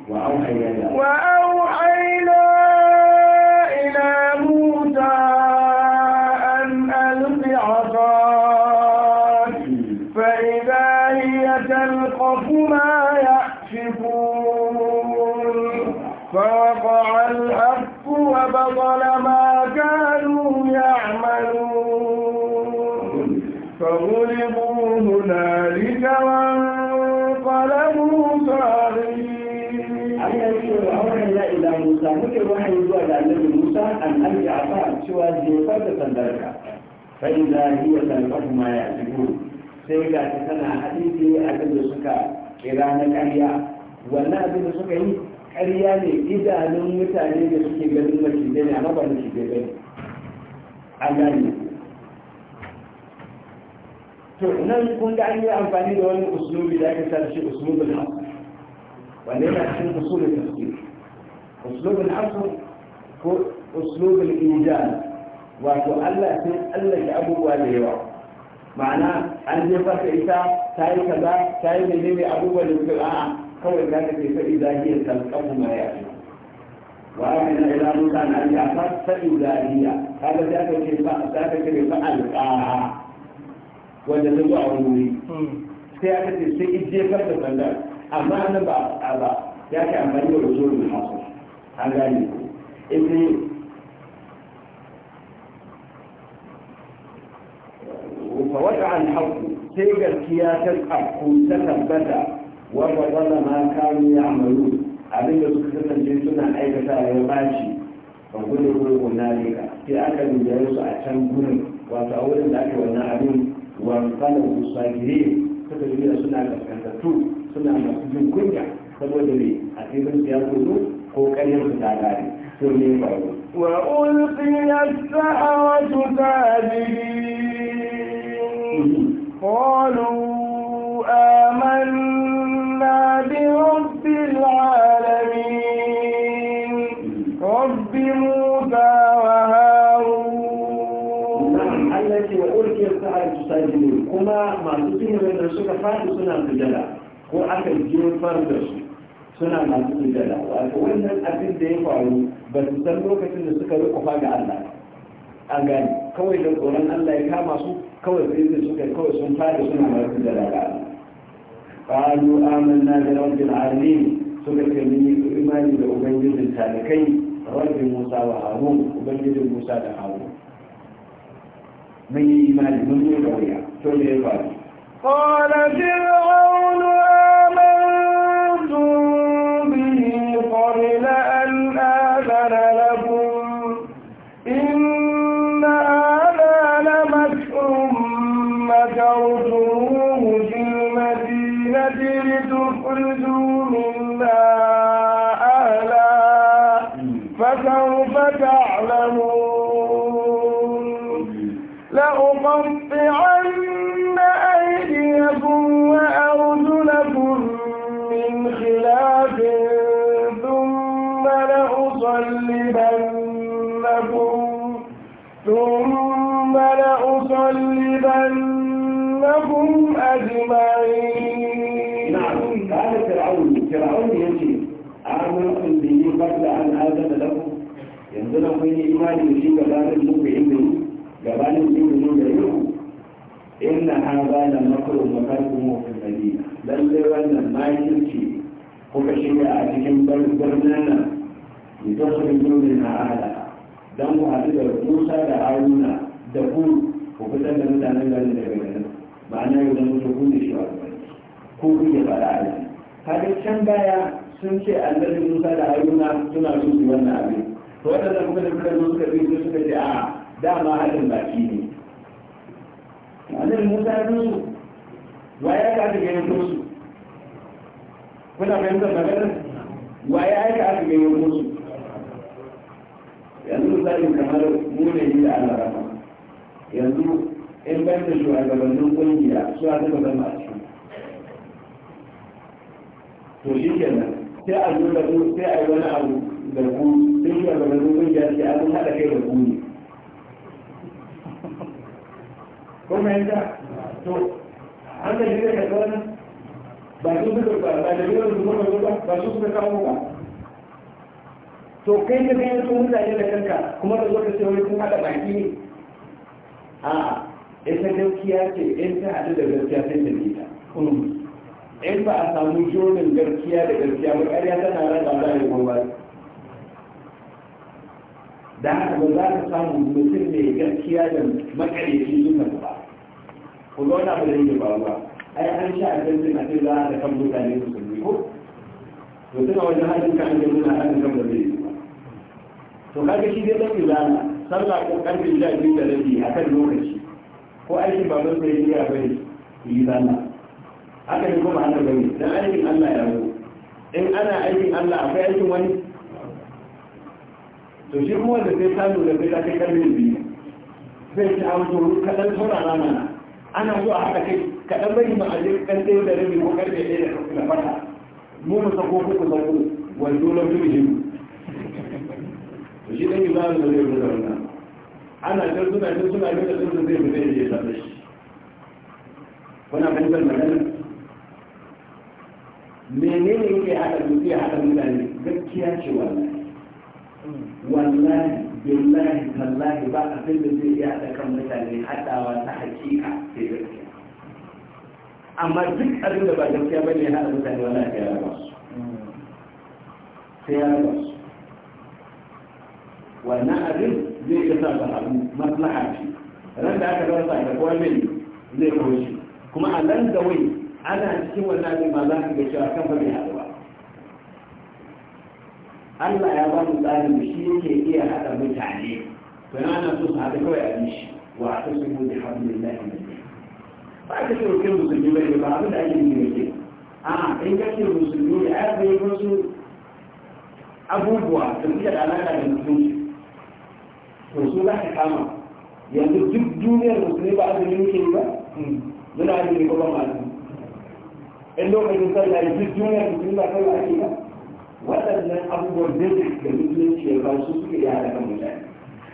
وأوحي إلى وأوحينا إلى موسى أن ألق عصاك فإذا هي تلقف ما يأفكون فوقع الحق وبطل ما Musa muke wahayi zuwa da annabi Musa an alƙi afa cewa jefar da sandarka fa idza hiya talqafu ma ya'tikun sai ga ta tana hadisi a da suka kira na ƙarya wannan abin da suka yi ƙarya ne idanun mutane da suke ganin macizai ne amma ba ne ba ne an gane to nan kun ga an yi amfani da wani usulubi da aka sa shi usulubul haqq wanda yana cikin usulul tafsir uslub al-asr ko uslub al wato Allah sai Allah ya abubuwa da yawa ma'ana an jefar da ita ta yi kaza ta yi menene abubuwa da suka a'a kawai za ka ce fa idza hiya talqahu ya ya'ti wa amina ila musa an an yafa fa idza hiya kaga za ka ce fa za ka ce fa alqaha wanda ta zo a wuri sai aka ce sai jefar da sandar amma nan ba a ba ya ke amfani da usulul hasu. wata an gane ibn فوقع الحق تلك الكيات الأحكم wata وبطل ما كانوا يعملون abin da suka kasance suna aikata ya baci ba gudun na nalika sai aka bibiyaye su a can gudun wato a wurin da ake wannan abin wanzanar musagire suka bibiya suna kaskantattu suna masu jin kunya saboda ne a cikin siyasa kokarin su ta gari sun yi baro wa ulqiya as-sahawatu sajidin qalu amanna bi rabbil alamin rabbi musa wa harun Allah ce wa ulqiya as-sahawatu sajidin kuma masu sihirin da suka fadi suna sujada ko aka jefar da su suna masu sujada wato wannan abin da ya faru ba su san lokacin da suka rukufa ga Allah a gani kawai da tsoron Allah ya kama su kawai sai da suka kawai sun fara suna masu sujada ga Allah qalu amanna bi rabbil alamin suka ce mun yi imani da ubangijin talakai rabbi Musa wa Harun ubangijin Musa da Harun mun yi imani mun yi kauya to ne ya faru qala fir'aun لهم أجمعين نعم قال فرعون فرعون يجي آمنتم به قبل أن آذن لكم ينزل في إيمان يجي كذلك المؤمنين جبال المؤمنين يقول إن هذا لمكر مكركم في المدينة لن يرن ما يجي هو شيء a cikin birnin nan ita su rikin min ha'ala don ku haɗu da musa da haruna da ku ku fitar da mutanen garin daga ma'ana ya zama ta kuma shi wa ko kuke ya a yi kaga can baya sun ce annabi musa da haruna suna so su wannan abin to waɗannan kuma da suka zo suka su suka ce a dama haɗin baki ne annabi musa ya zo wa ya ka ga yin musu kuna fahimtar magana wa ya ka ga yin musu yanzu zai kamar mu ne da Allah yanzu in ban da shugabannin kungiya su a taɓa zama a cikin to shi kenan sai a zo da sai a yi wani abu da ku sai shugabannin kungiya sai a haɗa kai da ku ne ko mai da to an da jirgin da kawai ba su suka ba ba da biyar su kuma ba ba su suka kawo ba to kai ka gani su mutane da kanka kuma da zo ka ce wani kuma da baki ne a'a ita gaskiya ce in ta hadu da gaskiya sai ta nita in ba a samu jonin gaskiya da gaskiya ba ƙarya tana raba za a yi gobe da haka ba za ka samu mutum mai gaskiya da makarici duka ba ku ga wani abu da yake faruwa ai an sha a kan a cikin za a kan mutane su sun ko to suna wajen hajjin kan da nuna hajjin kan da zai yi to kaga shi dai ɗan izana sallah ko ƙarfin sha biyu da rabi a kan lokaci ko aikin ba don sai biya bane yi sallah haka ne kuma ana bane dan aikin Allah ya zo in ana aikin Allah akwai aikin wani to shi kuma da sai ta nuna sai ta kai karfin biyu sai ta hau to kaɗan na mana ana so a haka kai kaɗan bai ma a je kan ɗaya da ko karfe ɗaya da karfe da fata mu mu sako ko ku sako wanzu na fi shi to shi ɗan yi za a zai rubuta wannan ana can suna can suna rubuta sun zai fita ya هنا بالنسبه للمدن منين يجي هذا المذيع هذا المدن ذكي شو ولا والله بالله تالله بقى في المذيع هذا كم مثال حتى وتحكيك في ذكي أما ذكي هذا اللي بقى ذكي بني هذا مثال ولا في الرأس في الرأس وانا اعرف ذي كتابها مصلحتي رد على كتابها طيب اقول مني ذي كوشي kuma a nan da wai ana cikin wannan ne ma za ka ga cewa kan fa bai haɗu ba Allah ya ba mu tsarin shi yake iya haɗa mutane to na ana so su haɗu kawai a bi shi wa a ta sun gudu alhamdulillah ne ba ka ce wakil musulmi ba ne ba abin da ake yi ne ke a in ka ce musulmi a ya bai wasu abubuwa da suke da alaƙa da mutum? to su za ka kama yanzu duk duniyar musulmi ba azumi muke yi ba hmm. muna azumi ko ban azumi in lokacin sallah duk juna da da kai ake ba waɗannan abubuwan da musulunci ya ba su suke ya kan mutane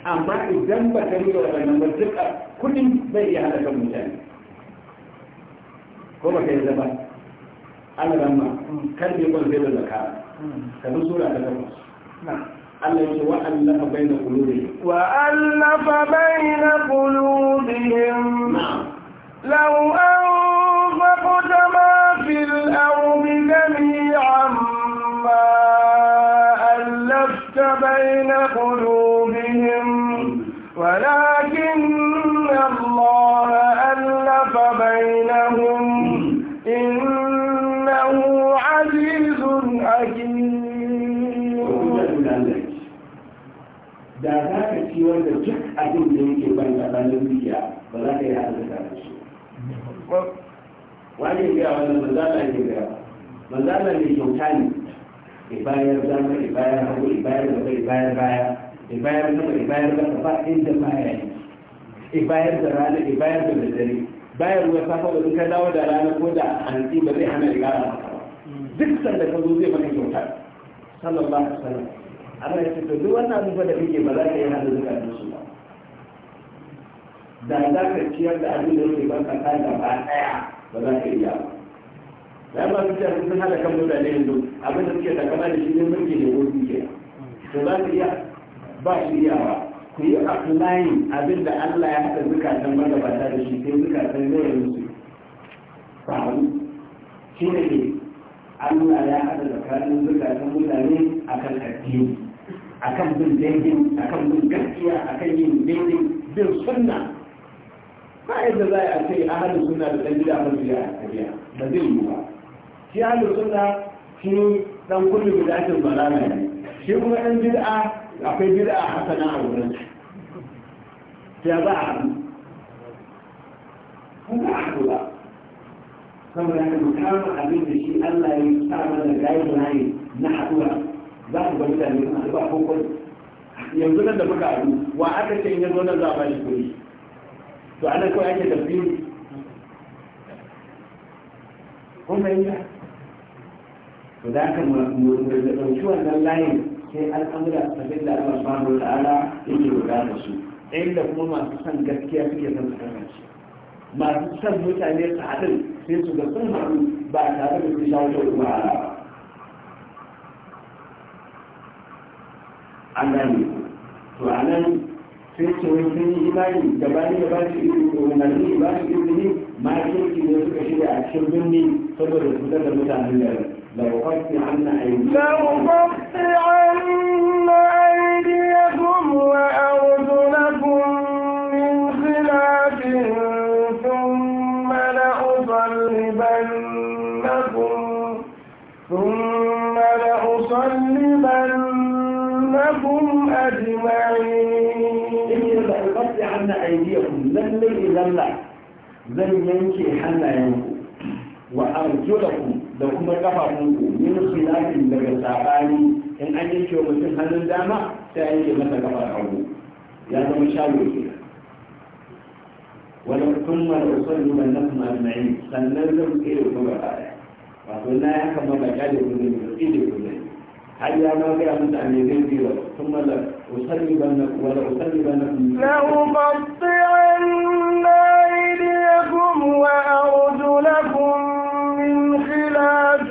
amma idan ba ka waɗannan ba duka kudin zai iya kan mutane ko ba ka yi zaba Allah ramma kan ne ba zai da zaka ka bi sura ta takwas Allah ya ce wa baina لو أنفقت ما في الأرض جميعا ما ألفت بين قلوبهم ولكن الله ألف بينهم إنه عزيز حكيم da za ka ci wanda duk abin da yake ban da ban ba za ka wani gaya wannan ta ne gaya ta ne kyauta ne ibayar dama ibayar hagu ibayar gaba ibayar baya ibayar gaba ibayar gaba ba inda baya ne ibayar da rana ibayar da daddare bayar ruwa safa da ka dawo da rana ko da hantsi ba zai hana riga maka ba duk sanda ka zo zai maka kyauta sallallahu alaihi wasallam amma ya ce to duk wannan abubuwa da kake ba za ka yi hada zakatun su ba da za ka ciyar da abin da yake ban ka gaba daya ba za ka iya ba ya masu cewa sun hada kan mutane yanzu abin da suke takama da shi ne mulki ne ko dukiya to za ka iya ba shi iya ba ku yi applying abin da Allah ya haɗa zukatan magabata da shi sai zukatan zai yanzu faru shi ne ke Allah ya haɗa tsakanin zukatan mutane a akan addini kan bin daidai a kan bin gaskiya a kan yin daidai bin sunna ba yadda za a ce ahalin suna da ɗan gida a mabiya a biya ba zai yi ba shi ahalin suna shi ɗan dan kullu bidatin na ne shi kuma ɗan bid'a akwai bid'a hasana a wurin ya ba a haɗu kuma a haɗu ba saboda haka mu kama abin da shi Allah ya da mana guideline na haɗuwa za ku bar mutane su haɗu ba ko yanzu nan da muka haɗu wa aka ce in ya zo nan za a ba shi kuɗi وعلى كل أي تبديل هم إيه وذاك المشوى من اللعين كي الأمر فجد الله سبحانه وتعالى يجب على الرسول إلا هو ما تسمى قد كيف يتم ما تسمى مثالية عدل في سوق الطلب بعد هذا الاتجاه الأولى عندنا وعلى sai ta wani sun yi imani da ba ni da ba shi izini umarni ba su izini ma kirki ne suka shirya a cikin birni saboda su da mutanen da lau kwafi an na aiki. lallai ilalla zan yanke hannayenku wa arjulakum da kuma kafafunku min khilafin daga sabani in an yanke wa mutum hannun dama sai an yanke masa kafar hagu ya zama shago ke wani kun mara da usul ne na kuma almai sannan zan tsere ku ga baya wato na ya kama ba da kudin da tsere ku ne har ya ma ga mutane zai tsere tun mallaka لأقطعن أيديكم وأرجلكم من خلاف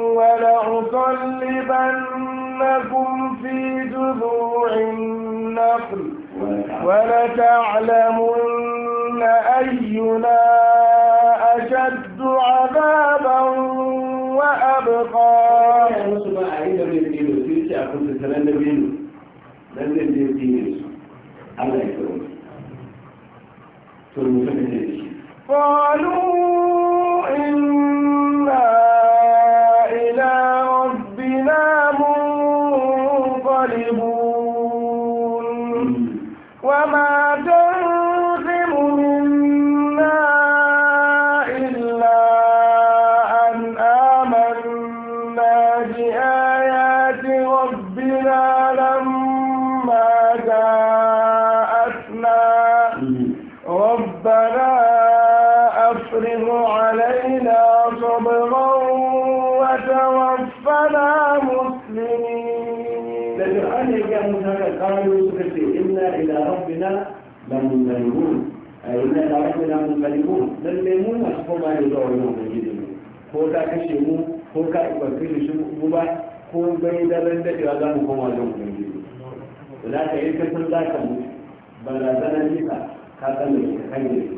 ولأصلبنكم في جذوع النخل ولتعلمن أينا أشد عذابا وأبقى. dan zai je ne su Allah ya kawo to mu saka ne shi qalu inna ila rabbina munqalibun hmm. wa ma ربنا أفرغ علينا صبرا وتوفنا مسلمين لجعل يجاهم هذا قالوا سكتي إنا إلى ربنا لمنقلبون أي إنا إلى ربنا منقلبون للميمون أحكم أن يدعو يوم الجديد ko ka kashe mu ko ka ibarfi da shi mu ba ko bai da ran daɗewa za mu koma don ubangiji da za ka yi kasar za ka mutu barazana nisa ka san da ka hanyar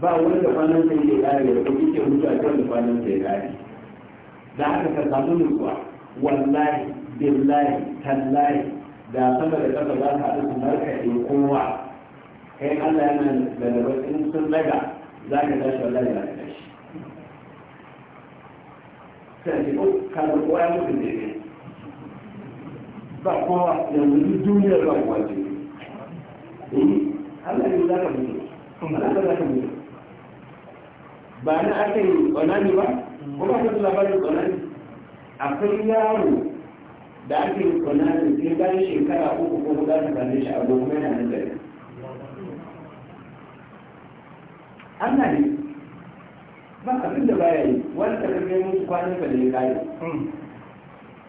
ba wani da kwanan sai ya kare da kuke mutu a kan da kwanan sai kare da haka ka samu nutsuwa wallahi billahi tallahi da sama da kasa za ka haɗu su markaɗe kowa kai Allah yana da rabar in sun daga za ka tashi wallahi za ka tashi sai ce ko oh, ka da ya mutu daidai ba kowa yanzu duk duniyar ba kowa ce eh? Allah ne za ka mutu Allah za ka mutu ba na aka yi tsanani ba kuma ka zuwa ba da tsanani akwai yaro da ake yi tsanani sai bayan shekara uku ko za ta same shi a domin yana nan gari Allah ne ba abin da baya yi wani ka kai musu kwanan ka da ya kare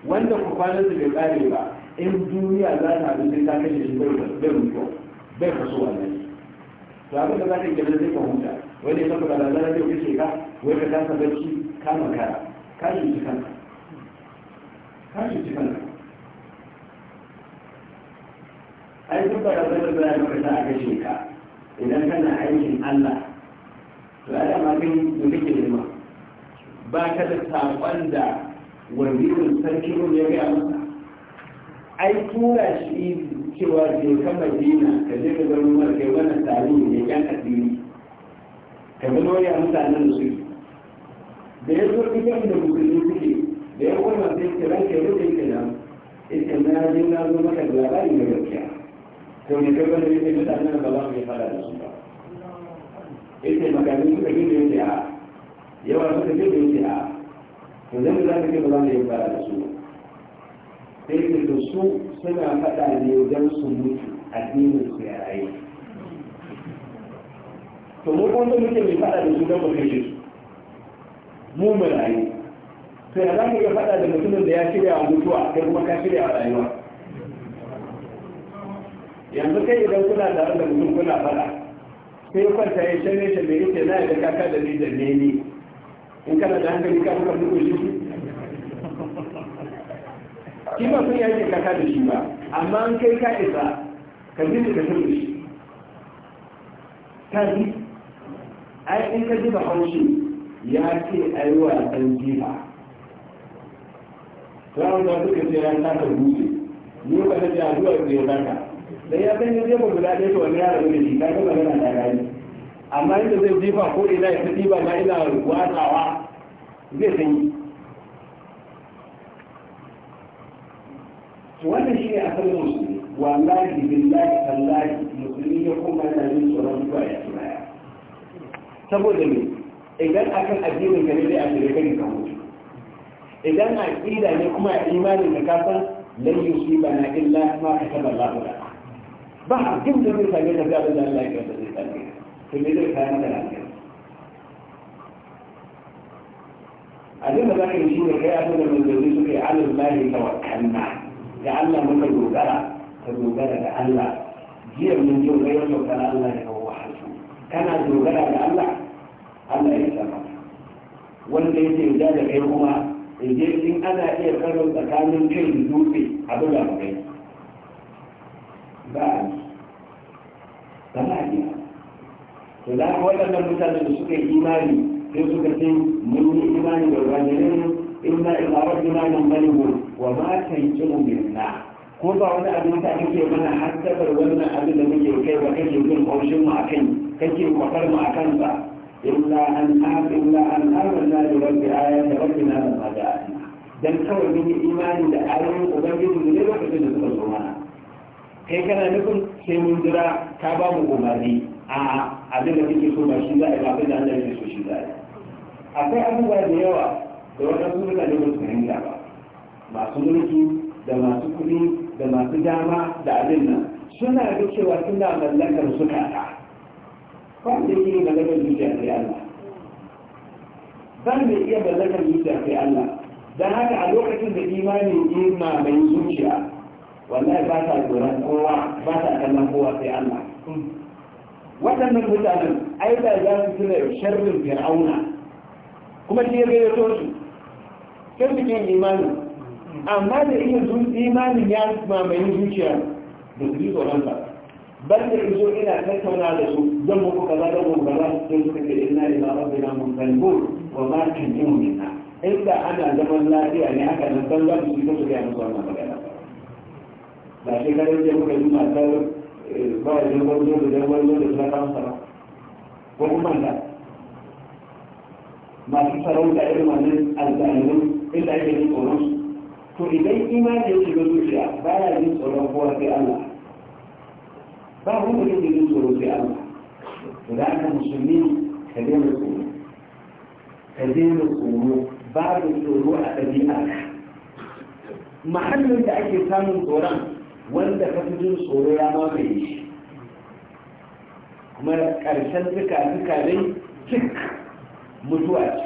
wanda ku kwanan su bai kare ba in duniya za ta abin da ta kashe shi bai mutuwa bai kaso wannan to abin da za ka yi gaba zai ka huta wani ya saka balazara zai wuce ka wai ka kasa barci ka makara ka yi kanka ka yi kanka ai duk barazanar da ya maka za a kashe ka idan kana aikin Allah to ai ma kai da kake nema ba ka da saƙon da wazirin sarki ne ya gaya masa ai tura shi cewa je ka madina ka je ka zama mara kai ne addini ka mutanen da suke da ya zo cikin da musulmi suke da ya koma sai ka ranke rufe ka nan ita na je na zo maka da labari na gaskiya to ne ka bane ne mutanen da ba mu yi fara da su ba ita makamin suka bi da yake a yawa suka bi da yake a to zan da za ka ba za mu yi fara da su sai ka su suna faɗa ne don su mutu addinin su ya rayu to mu kun da muke mai faɗa da su don mu shi su mu mu rayu to ya za mu faɗa da mutumin da ya shirya wa mutuwa kai kuma ka shirya wa rayuwa yanzu kai idan kuna da da mutum kuna faɗa sai kwanta ya shirya shi mai yake na yadda kaka da ni da ne ni in kana da hankali ka kuka muku shi shi ba kun yake kaka da shi ba amma an kai ka isa ka ji ka tafi shi ta ji ai in ka ji ba haushi ya ce a yi wa ɗan jiha sauran da suka ce ya taka buɗe ni ba ta ji a zuwa da ya taka da ya san ya je ba guda ɗaya to wani yara ne shi ta ga magana ta gani amma inda zai jifa ko ina ya fi jifa na ina watsawa zai sanyi wannan shi ne asalin musulmi wallahi billahi tallahi musulmi ya kuma yana yin tsoron zuwa ya tunaya saboda me idan akan addinin ka ne dai a shirya kai ka mutu idan a ƙida ne kuma a imanin da ka san lan yusiba na illa ma kataba Allahu lana ba hakim da zai same ka da abin da Allah ya kaddara zai same to me zai kai maka lafiya abin da zaka yi shi ne kai abin da manzanni suka yi alal lahi tawakkalna ga Allah muka dogara ka dogara da Allah jiya mun je ga yau ka Allah da kawo hansu kana dogara da Allah Allah ya saba wanda ya ce da kai kuma je in ana iya karo tsakanin kai da dutse a da mu kai ba a yi ba a yi to da haka mutane da suka yi imani sai suka ce mun yi imani da ruwa ne inna na ila rabbi na nan wa ma tanjimu minna ko ba wani abin da kake mana hasabar wannan abin da muke kai ba kake jin haushin mu akan kake kwafar mu akan ba illa an illa an amanna da rabbi ayat da rabbi ma da dan kawai mun yi imani da ayoyin ubangiji ne lokacin da suka zo mana kai kana nufin sai mun jira ka ba mu umarni a abin da kake so ba shi za a yi abin da Allah yake so shi za a yi akwai abubuwa da yawa da wata mutane da su fahimta ba masu mulki da masu kuɗi da masu dama da abin nan suna da cewa suna mallakar su kaɗa wanda yake mallakar zuciya sai Allah ba mai iya mallakar zuciya sai Allah don haka a lokacin da imanin ma mai zuciya wallahi ba ta tsoron kowa ba ta kallon kowa sai Allah waɗannan mutanen ai da za su tuna sharrin fir'auna kuma shi ya gayyato su su ke imanin amma da iya zun imanin ya mamayi zuciya da su yi tsoron ba ban da izo ina tattauna da su don muku kaza da mu kaza sai suka ce inna ila rabbina munqalibun wa ma mu nina inda ana zaman lafiya ne aka nan san za su yi ta su wannan magana ba eh, ba da jirgin zo da jirgin zo da suna ko masu sarauta irin wannan alzalimin inda ake yi tsoron su to idan imani ya shiga zuciya ba ya jin tsoron kowa sai Allah ba wanda yake jin tsoro sai Allah to da aka musulmi ka daina tsoro ka daina tsoro babu tsoro a ɗabi'arka mahallin da ake samun tsoron wanda ka fi jin tsoro ya mamaye shi kuma ƙarshen duka duka dai cik mutuwa ce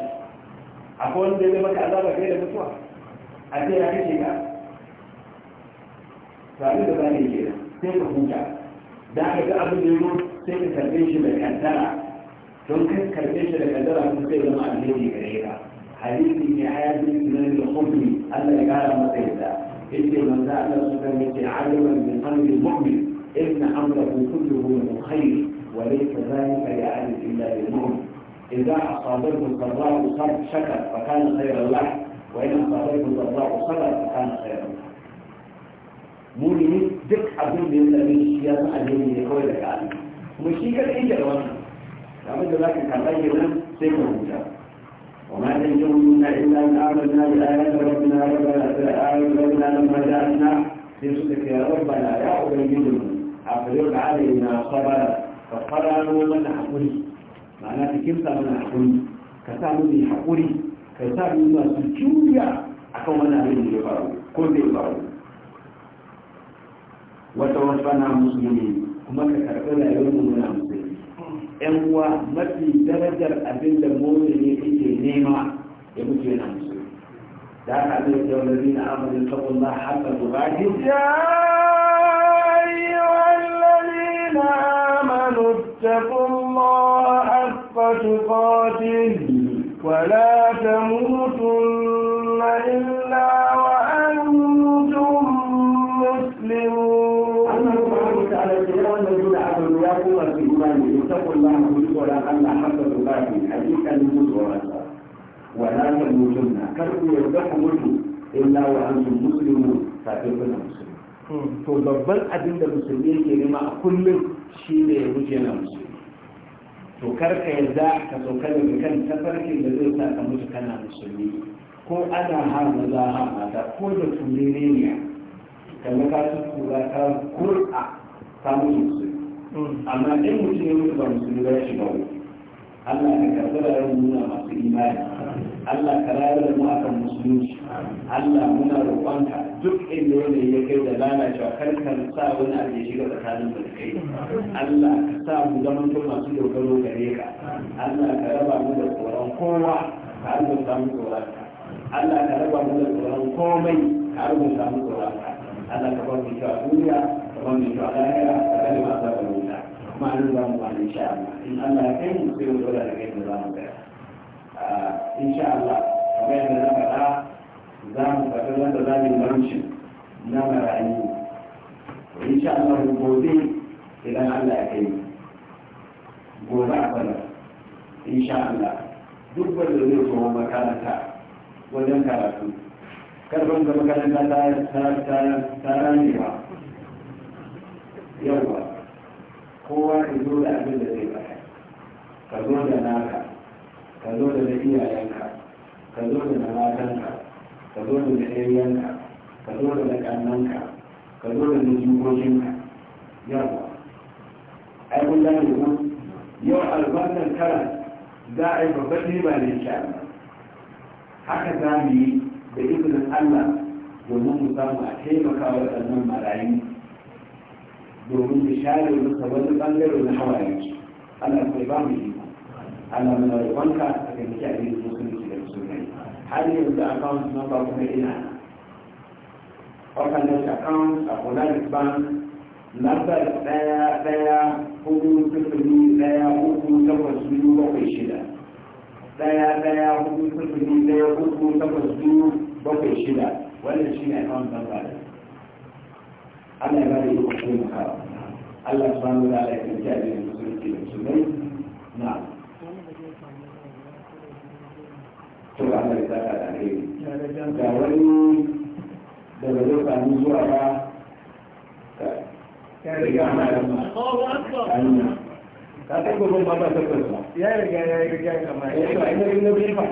akwai wanda ya maka azaba kai da mutuwa a ce ya kashe ka sami da zane ke sai ka huta za ka ga abin da yau sai ka karbe shi da kaddara don kan karbe shi da kaddara sun sai zama alheri gare ka hadisi ne hayatin sunan da hukumi Allah ya kara masa yadda yace manzo Allah su kan yace aliman min amri mu'min إن أمره كله من خير وليس ذلك يعرف إلا بالمؤمن إذا أصابته الضراء صار شكر فكان خيرا له وإنما قاتلكم الله صبر فكان خيرا mumini duk abin da ya sami shi ya san alheri ne kawai daga Allah kuma shi ka tsaye da wannan kamar da za وما تنجون إلا أن آمنا بآيات ربنا ربنا لما جاءتنا في صدق يا ربنا يا أبيدنا أفرغ علينا صبرا فصبرا ومن حقوري معناته كم من حقوري كتابني حقوري ka sa ni masu juriya kan wani abin da ya faru ko zai faru wata wata na musulmi kuma ka karɓi rayuwar mu muna musulmi yan uwa mafi darajar abin da mole ne yake nema ya mutu yana musulmi da haka abin da yawon lalina amalin sabon na haka zubaji آمنوا اتقوا الله حق تقاته ولا تموتن إلا وأنتم مسلمون ولا تموتن كربوا يربحوا ملكوا إلا وأنتم مسلمون فأتوكل مسلمون to babban abin da musulmi yake nema a مسلمين. shi ne ya guje na musulmi to karka yarda ka sauka daga kan tafarkin da zai sa ka mutu kana musulmi ko ana ha maza ha mata ko da turere ne ka na ka su kura ka kur'a ka mutu musulmi mm. amma in mutum ya mutu ba musulmi ba ya shiga uku Allah ka karɓi da nuna masu imani Allah ka rayar da mu akan musulunci Allah muna roƙonka duk inda wani ya kai da lalacewa kar ka sa wani abu ya shiga tsakanin mu da kai Allah ka sa mu zamanto masu dogaro gare ka Allah ka raba mu da tsoron kowa ka har mu tsoron ka Allah ka raba mu da tsoron komai ka har mu tsoron ka Allah ka ba mu cewa a duniya ka ba mu kyau a lahira ka ba mu kyau a ma'anin za mu bani insha Allah in Allah ya kai mu sai mu dora da kai da za mu kai insha Allah kamar yadda na faɗa za mu faɗi wanda za mu barci na marayu insha Allah gobe idan Allah ya kai mu gobe a in insha Allah duk wanda zai koma makaranta wajen karatu karfin da makaranta ta ranewa yau ba kowa ya zo da abin da zai bayar ka zo da naka ka zo da na iyayenka ka zo da na matanka ka zo da ɗariyanka, ka zo da na ka zo da na jikokinka yawa ai kun ne kun yau albarkar karan za a yi babbar riba ne sha haka za mu yi da izinin allah domin mu samu a taimaka wa waɗannan marayu بوجود شاعر متولد بانجر من حوائج انا اتبعه من انا من الوان كاسك من شاعر المسلمين في المسلمين حالي يبدأ أكاونت ما طرق من إلى وكان لدي أقول لك بان نظر لا لا حدود تفني لا حدود تفزيو بقشلة لا لا حدود تفني لا حدود تفزيو بقشلة ولا شيء أكاونت نظر Allah ya bada iko taimakawa Allah subhanahu wa ta'ala ya tsinci a jirgin musulunci da musulmai na to ga Allah ya saka da alheri ga wani da ba zai sami zuwa ba ya riga da ma ka ta gobe ba ta tabbas ba ya riga ya riga kamar ya riga ya riga ya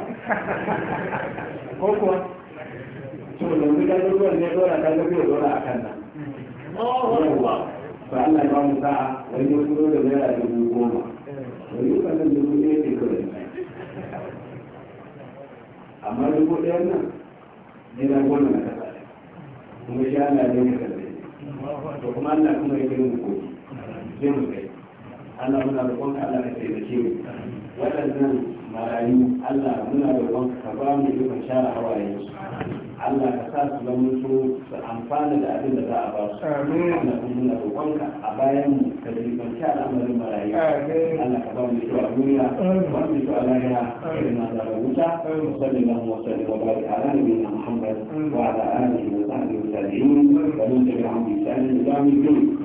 ko kuwa to da mutan ruwan ne dora ta gobe dora akan nan ba Allah ya ba mu sa'a wani ya turo da naira dubu goma wani ya kan dubu ɗaya ne kawai amma dubu ɗayan nan yana gona na kasa kuma shi Allah ne ya kalle to kuma Allah kuma ya mu ko zai mu kai Allah muna roƙon ka Allah ka taimake mu waɗannan marayu Allah muna roƙon ka ba mu ikon share hawayen su Allah ka sa su zama su su amfana da abin da za a ba su Allah kuma muna roƙonka a bayan mu ka jibanci al'amarin marayu Allah ka ba mu shi a duniya ba mu shi a lahira irin na zara wuta sallallahu wa sallam wa barik ala nabiyina Muhammad wa ala alihi wa sahbihi wa sallam wa man tabi'ahum bi ihsan ila yawm الدين